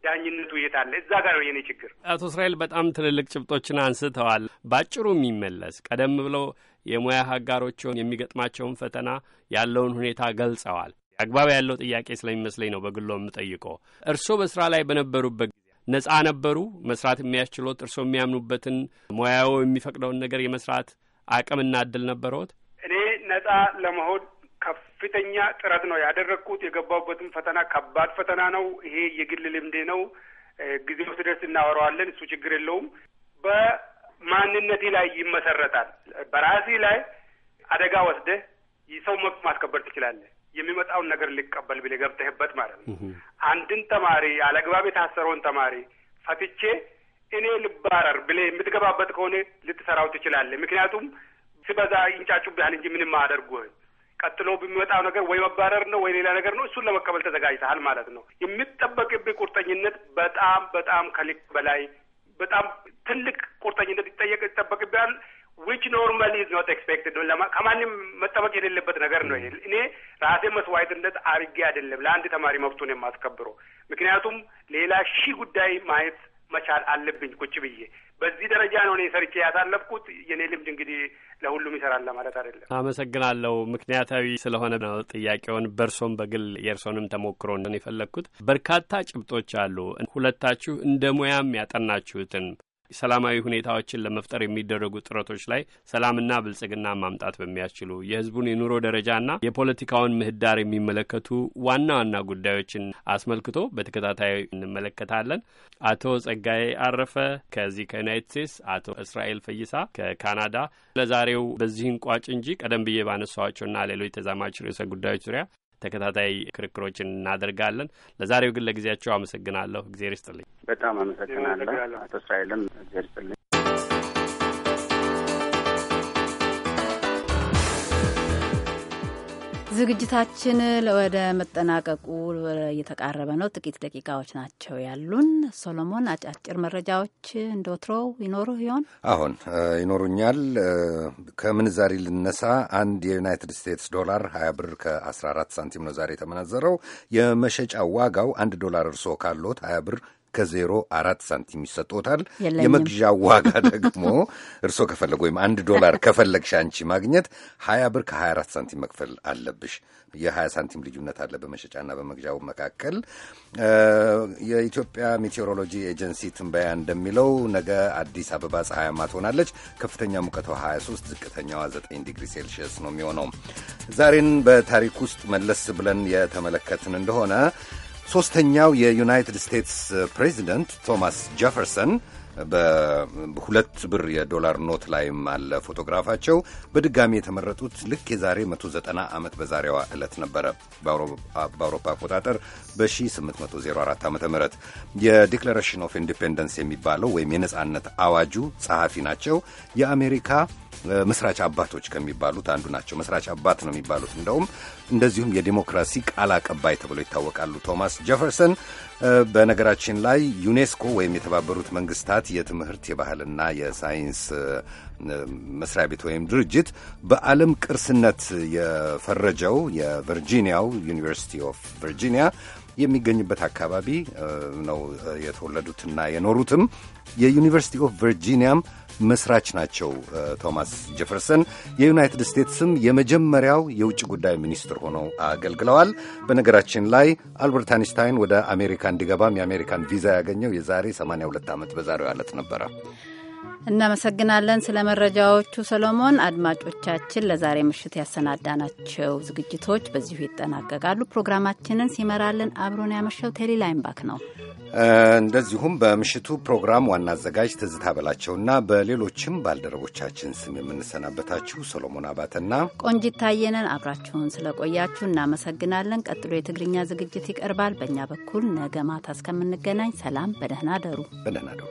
ዳኝነቱ የት አለ? እዛ ጋር ነው የኔ ችግር። አቶ እስራኤል በጣም ትልልቅ ጭብጦችን አንስተዋል። ባጭሩ የሚመለስ ቀደም ብለው የሙያ አጋሮችን የሚገጥማቸውን ፈተና ያለውን ሁኔታ ገልጸዋል። አግባብ ያለው ጥያቄ ስለሚመስለኝ ነው በግሎ የምጠይቀው። እርስዎ በስራ ላይ በነበሩበት ጊዜ ነጻ ነበሩ? መስራት የሚያስችሎት እርስዎ የሚያምኑበትን ሙያው የሚፈቅደውን ነገር የመስራት አቅምና እድል ነበረዎት? እኔ ነጻ ለመሆን ከፍተኛ ጥረት ነው ያደረግኩት። የገባሁበትም ፈተና ከባድ ፈተና ነው። ይሄ የግል ልምዴ ነው። ጊዜው ስደርስ እናወራዋለን። እሱ ችግር የለውም። በማንነቴ ላይ ይመሰረታል። በራሴ ላይ አደጋ ወስደህ ሰው ማስከበር ትችላለህ። የሚመጣውን ነገር ሊቀበል ብል ገብተህበት ማለት ነው። አንድን ተማሪ አለግባብ የታሰረውን ተማሪ ፈትቼ እኔ ልባረር ብሌ የምትገባበት ከሆነ ልትሰራው ትችላለህ። ምክንያቱም ሲበዛ ይንጫጩብሃል እንጂ ምንም አያደርጉህም። ቀጥሎ በሚመጣው ነገር ወይ መባረር ነው ወይ ሌላ ነገር ነው። እሱን ለመቀበል ተዘጋጅተሃል ማለት ነው። የሚጠበቅብህ ቁርጠኝነት በጣም በጣም ከልክ በላይ በጣም ትልቅ ቁርጠኝነት ይጠየቅ ይጠበቅብሃል። ዊች ኖርማሊ ኢዝ ኖት ኤክስፔክትድ ከማንም መጠበቅ የሌለበት ነገር ነው። ይሄ እኔ ራሴ መስዋዕትነት አርጌ አይደለም ለአንድ ተማሪ መብቱን የማስከብረው። ምክንያቱም ሌላ ሺህ ጉዳይ ማየት መቻል አለብኝ ቁጭ ብዬ። በዚህ ደረጃ ነው እኔ ሰርቼ ያሳለፍኩት። የኔ ልምድ እንግዲህ ለሁሉም ይሰራል ለማለት አይደለም። አመሰግናለሁ። ምክንያታዊ ስለሆነ ነው ጥያቄውን። በእርሶም በግል የእርሶንም ተሞክሮ እንደሆነ የፈለግኩት በርካታ ጭብጦች አሉ። ሁለታችሁ እንደ ሙያም ያጠናችሁትን ሰላማዊ ሁኔታዎችን ለመፍጠር የሚደረጉ ጥረቶች ላይ ሰላምና ብልጽግና ማምጣት በሚያስችሉ የህዝቡን የኑሮ ደረጃና የፖለቲካውን ምህዳር የሚመለከቱ ዋና ዋና ጉዳዮችን አስመልክቶ በተከታታይ እንመለከታለን። አቶ ጸጋዬ አረፈ ከዚህ ከዩናይት ስቴትስ፣ አቶ እስራኤል ፈይሳ ከካናዳ። ለዛሬው በዚህን ቋጭ እንጂ ቀደም ብዬ ባነሷቸውና ሌሎች ተዛማች ርዕሰ ጉዳዮች ዙሪያ ተከታታይ ክርክሮችን እናደርጋለን። ለዛሬው ግን ለጊዜያቸው አመሰግናለሁ። እግዜር ይስጥልኝ። በጣም አመሰግናለሁ አቶ እስራኤልም እግዜር ይስጥልኝ። ዝግጅታችን ወደ መጠናቀቁ እየተቃረበ ነው። ጥቂት ደቂቃዎች ናቸው ያሉን። ሶሎሞን፣ አጫጭር መረጃዎች እንደ ወትሮው ይኖሩ ይሆን? አሁን ይኖሩኛል። ከምንዛሪ ልነሳ። አንድ የዩናይትድ ስቴትስ ዶላር 20 ብር ከ14 ሳንቲም ነው ዛሬ የተመነዘረው። የመሸጫ ዋጋው አንድ ዶላር እርሶ ካሎት 20 ብር ከዜሮ አራት ሳንቲም ይሰጥዎታል። የመግዣ ዋጋ ደግሞ እርስዎ ከፈለጉ ወይም አንድ ዶላር ከፈለግሽ አንቺ ማግኘት ሀያ ብር ከሀያ አራት ሳንቲም መክፈል አለብሽ። የሀያ ሳንቲም ልዩነት አለ በመሸጫና በመግዣው መካከል። የኢትዮጵያ ሜቴሮሎጂ ኤጀንሲ ትንበያ እንደሚለው ነገ አዲስ አበባ ፀሐያማ ትሆናለች። ከፍተኛ ሙቀቷ 23፣ ዝቅተኛዋ 9 ዲግሪ ሴልሽየስ ነው የሚሆነው። ዛሬን በታሪክ ውስጥ መለስ ብለን የተመለከትን እንደሆነ ሦስተኛው የዩናይትድ ስቴትስ ፕሬዚደንት ቶማስ ጀፈርሰን በሁለት ብር የዶላር ኖት ላይም አለ ፎቶግራፋቸው። በድጋሚ የተመረጡት ልክ የዛሬ 190 ዓመት በዛሬዋ ዕለት ነበረ በአውሮፓ አቆጣጠር በ1804 ዓ ም የዲክላሬሽን ኦፍ ኢንዲፔንደንስ የሚባለው ወይም የነጻነት አዋጁ ጸሐፊ ናቸው። የአሜሪካ መስራች አባቶች ከሚባሉት አንዱ ናቸው። መስራች አባት ነው የሚባሉት እንደውም። እንደዚሁም የዲሞክራሲ ቃል አቀባይ ተብሎ ይታወቃሉ ቶማስ ጀፈርሰን በነገራችን ላይ ዩኔስኮ ወይም የተባበሩት መንግስታት የትምህርት የባህልና የሳይንስ መስሪያ ቤት ወይም ድርጅት በዓለም ቅርስነት የፈረጀው የቨርጂኒያው ዩኒቨርሲቲ ኦፍ ቨርጂኒያ የሚገኝበት አካባቢ ነው የተወለዱትና የኖሩትም የዩኒቨርሲቲ ኦፍ ቨርጂኒያም መስራች ናቸው። ቶማስ ጄፈርሰን የዩናይትድ ስቴትስም የመጀመሪያው የውጭ ጉዳይ ሚኒስትር ሆነው አገልግለዋል። በነገራችን ላይ አልበርት አንስታይን ወደ አሜሪካ እንዲገባም የአሜሪካን ቪዛ ያገኘው የዛሬ 82 ዓመት በዛሬው ዕለት ነበረ። እናመሰግናለን ስለ መረጃዎቹ ሰሎሞን። አድማጮቻችን ለዛሬ ምሽት ያሰናዳናቸው ዝግጅቶች በዚሁ ይጠናቀቃሉ። ፕሮግራማችንን ሲመራልን አብሮን ያመሸው ቴሌ ላይምባክ ነው። እንደዚሁም በምሽቱ ፕሮግራም ዋና አዘጋጅ ትዝታ በላቸውና በሌሎችም ባልደረቦቻችን ስም የምንሰናበታችሁ ሰሎሞን አባተና ቆንጂት ታየነን አብራችሁን ስለቆያችሁ እናመሰግናለን። ቀጥሎ የትግርኛ ዝግጅት ይቀርባል። በእኛ በኩል ነገ ማታ እስከምንገናኝ ሰላም፣ በደህና ደሩ፣ በደህና ደሩ።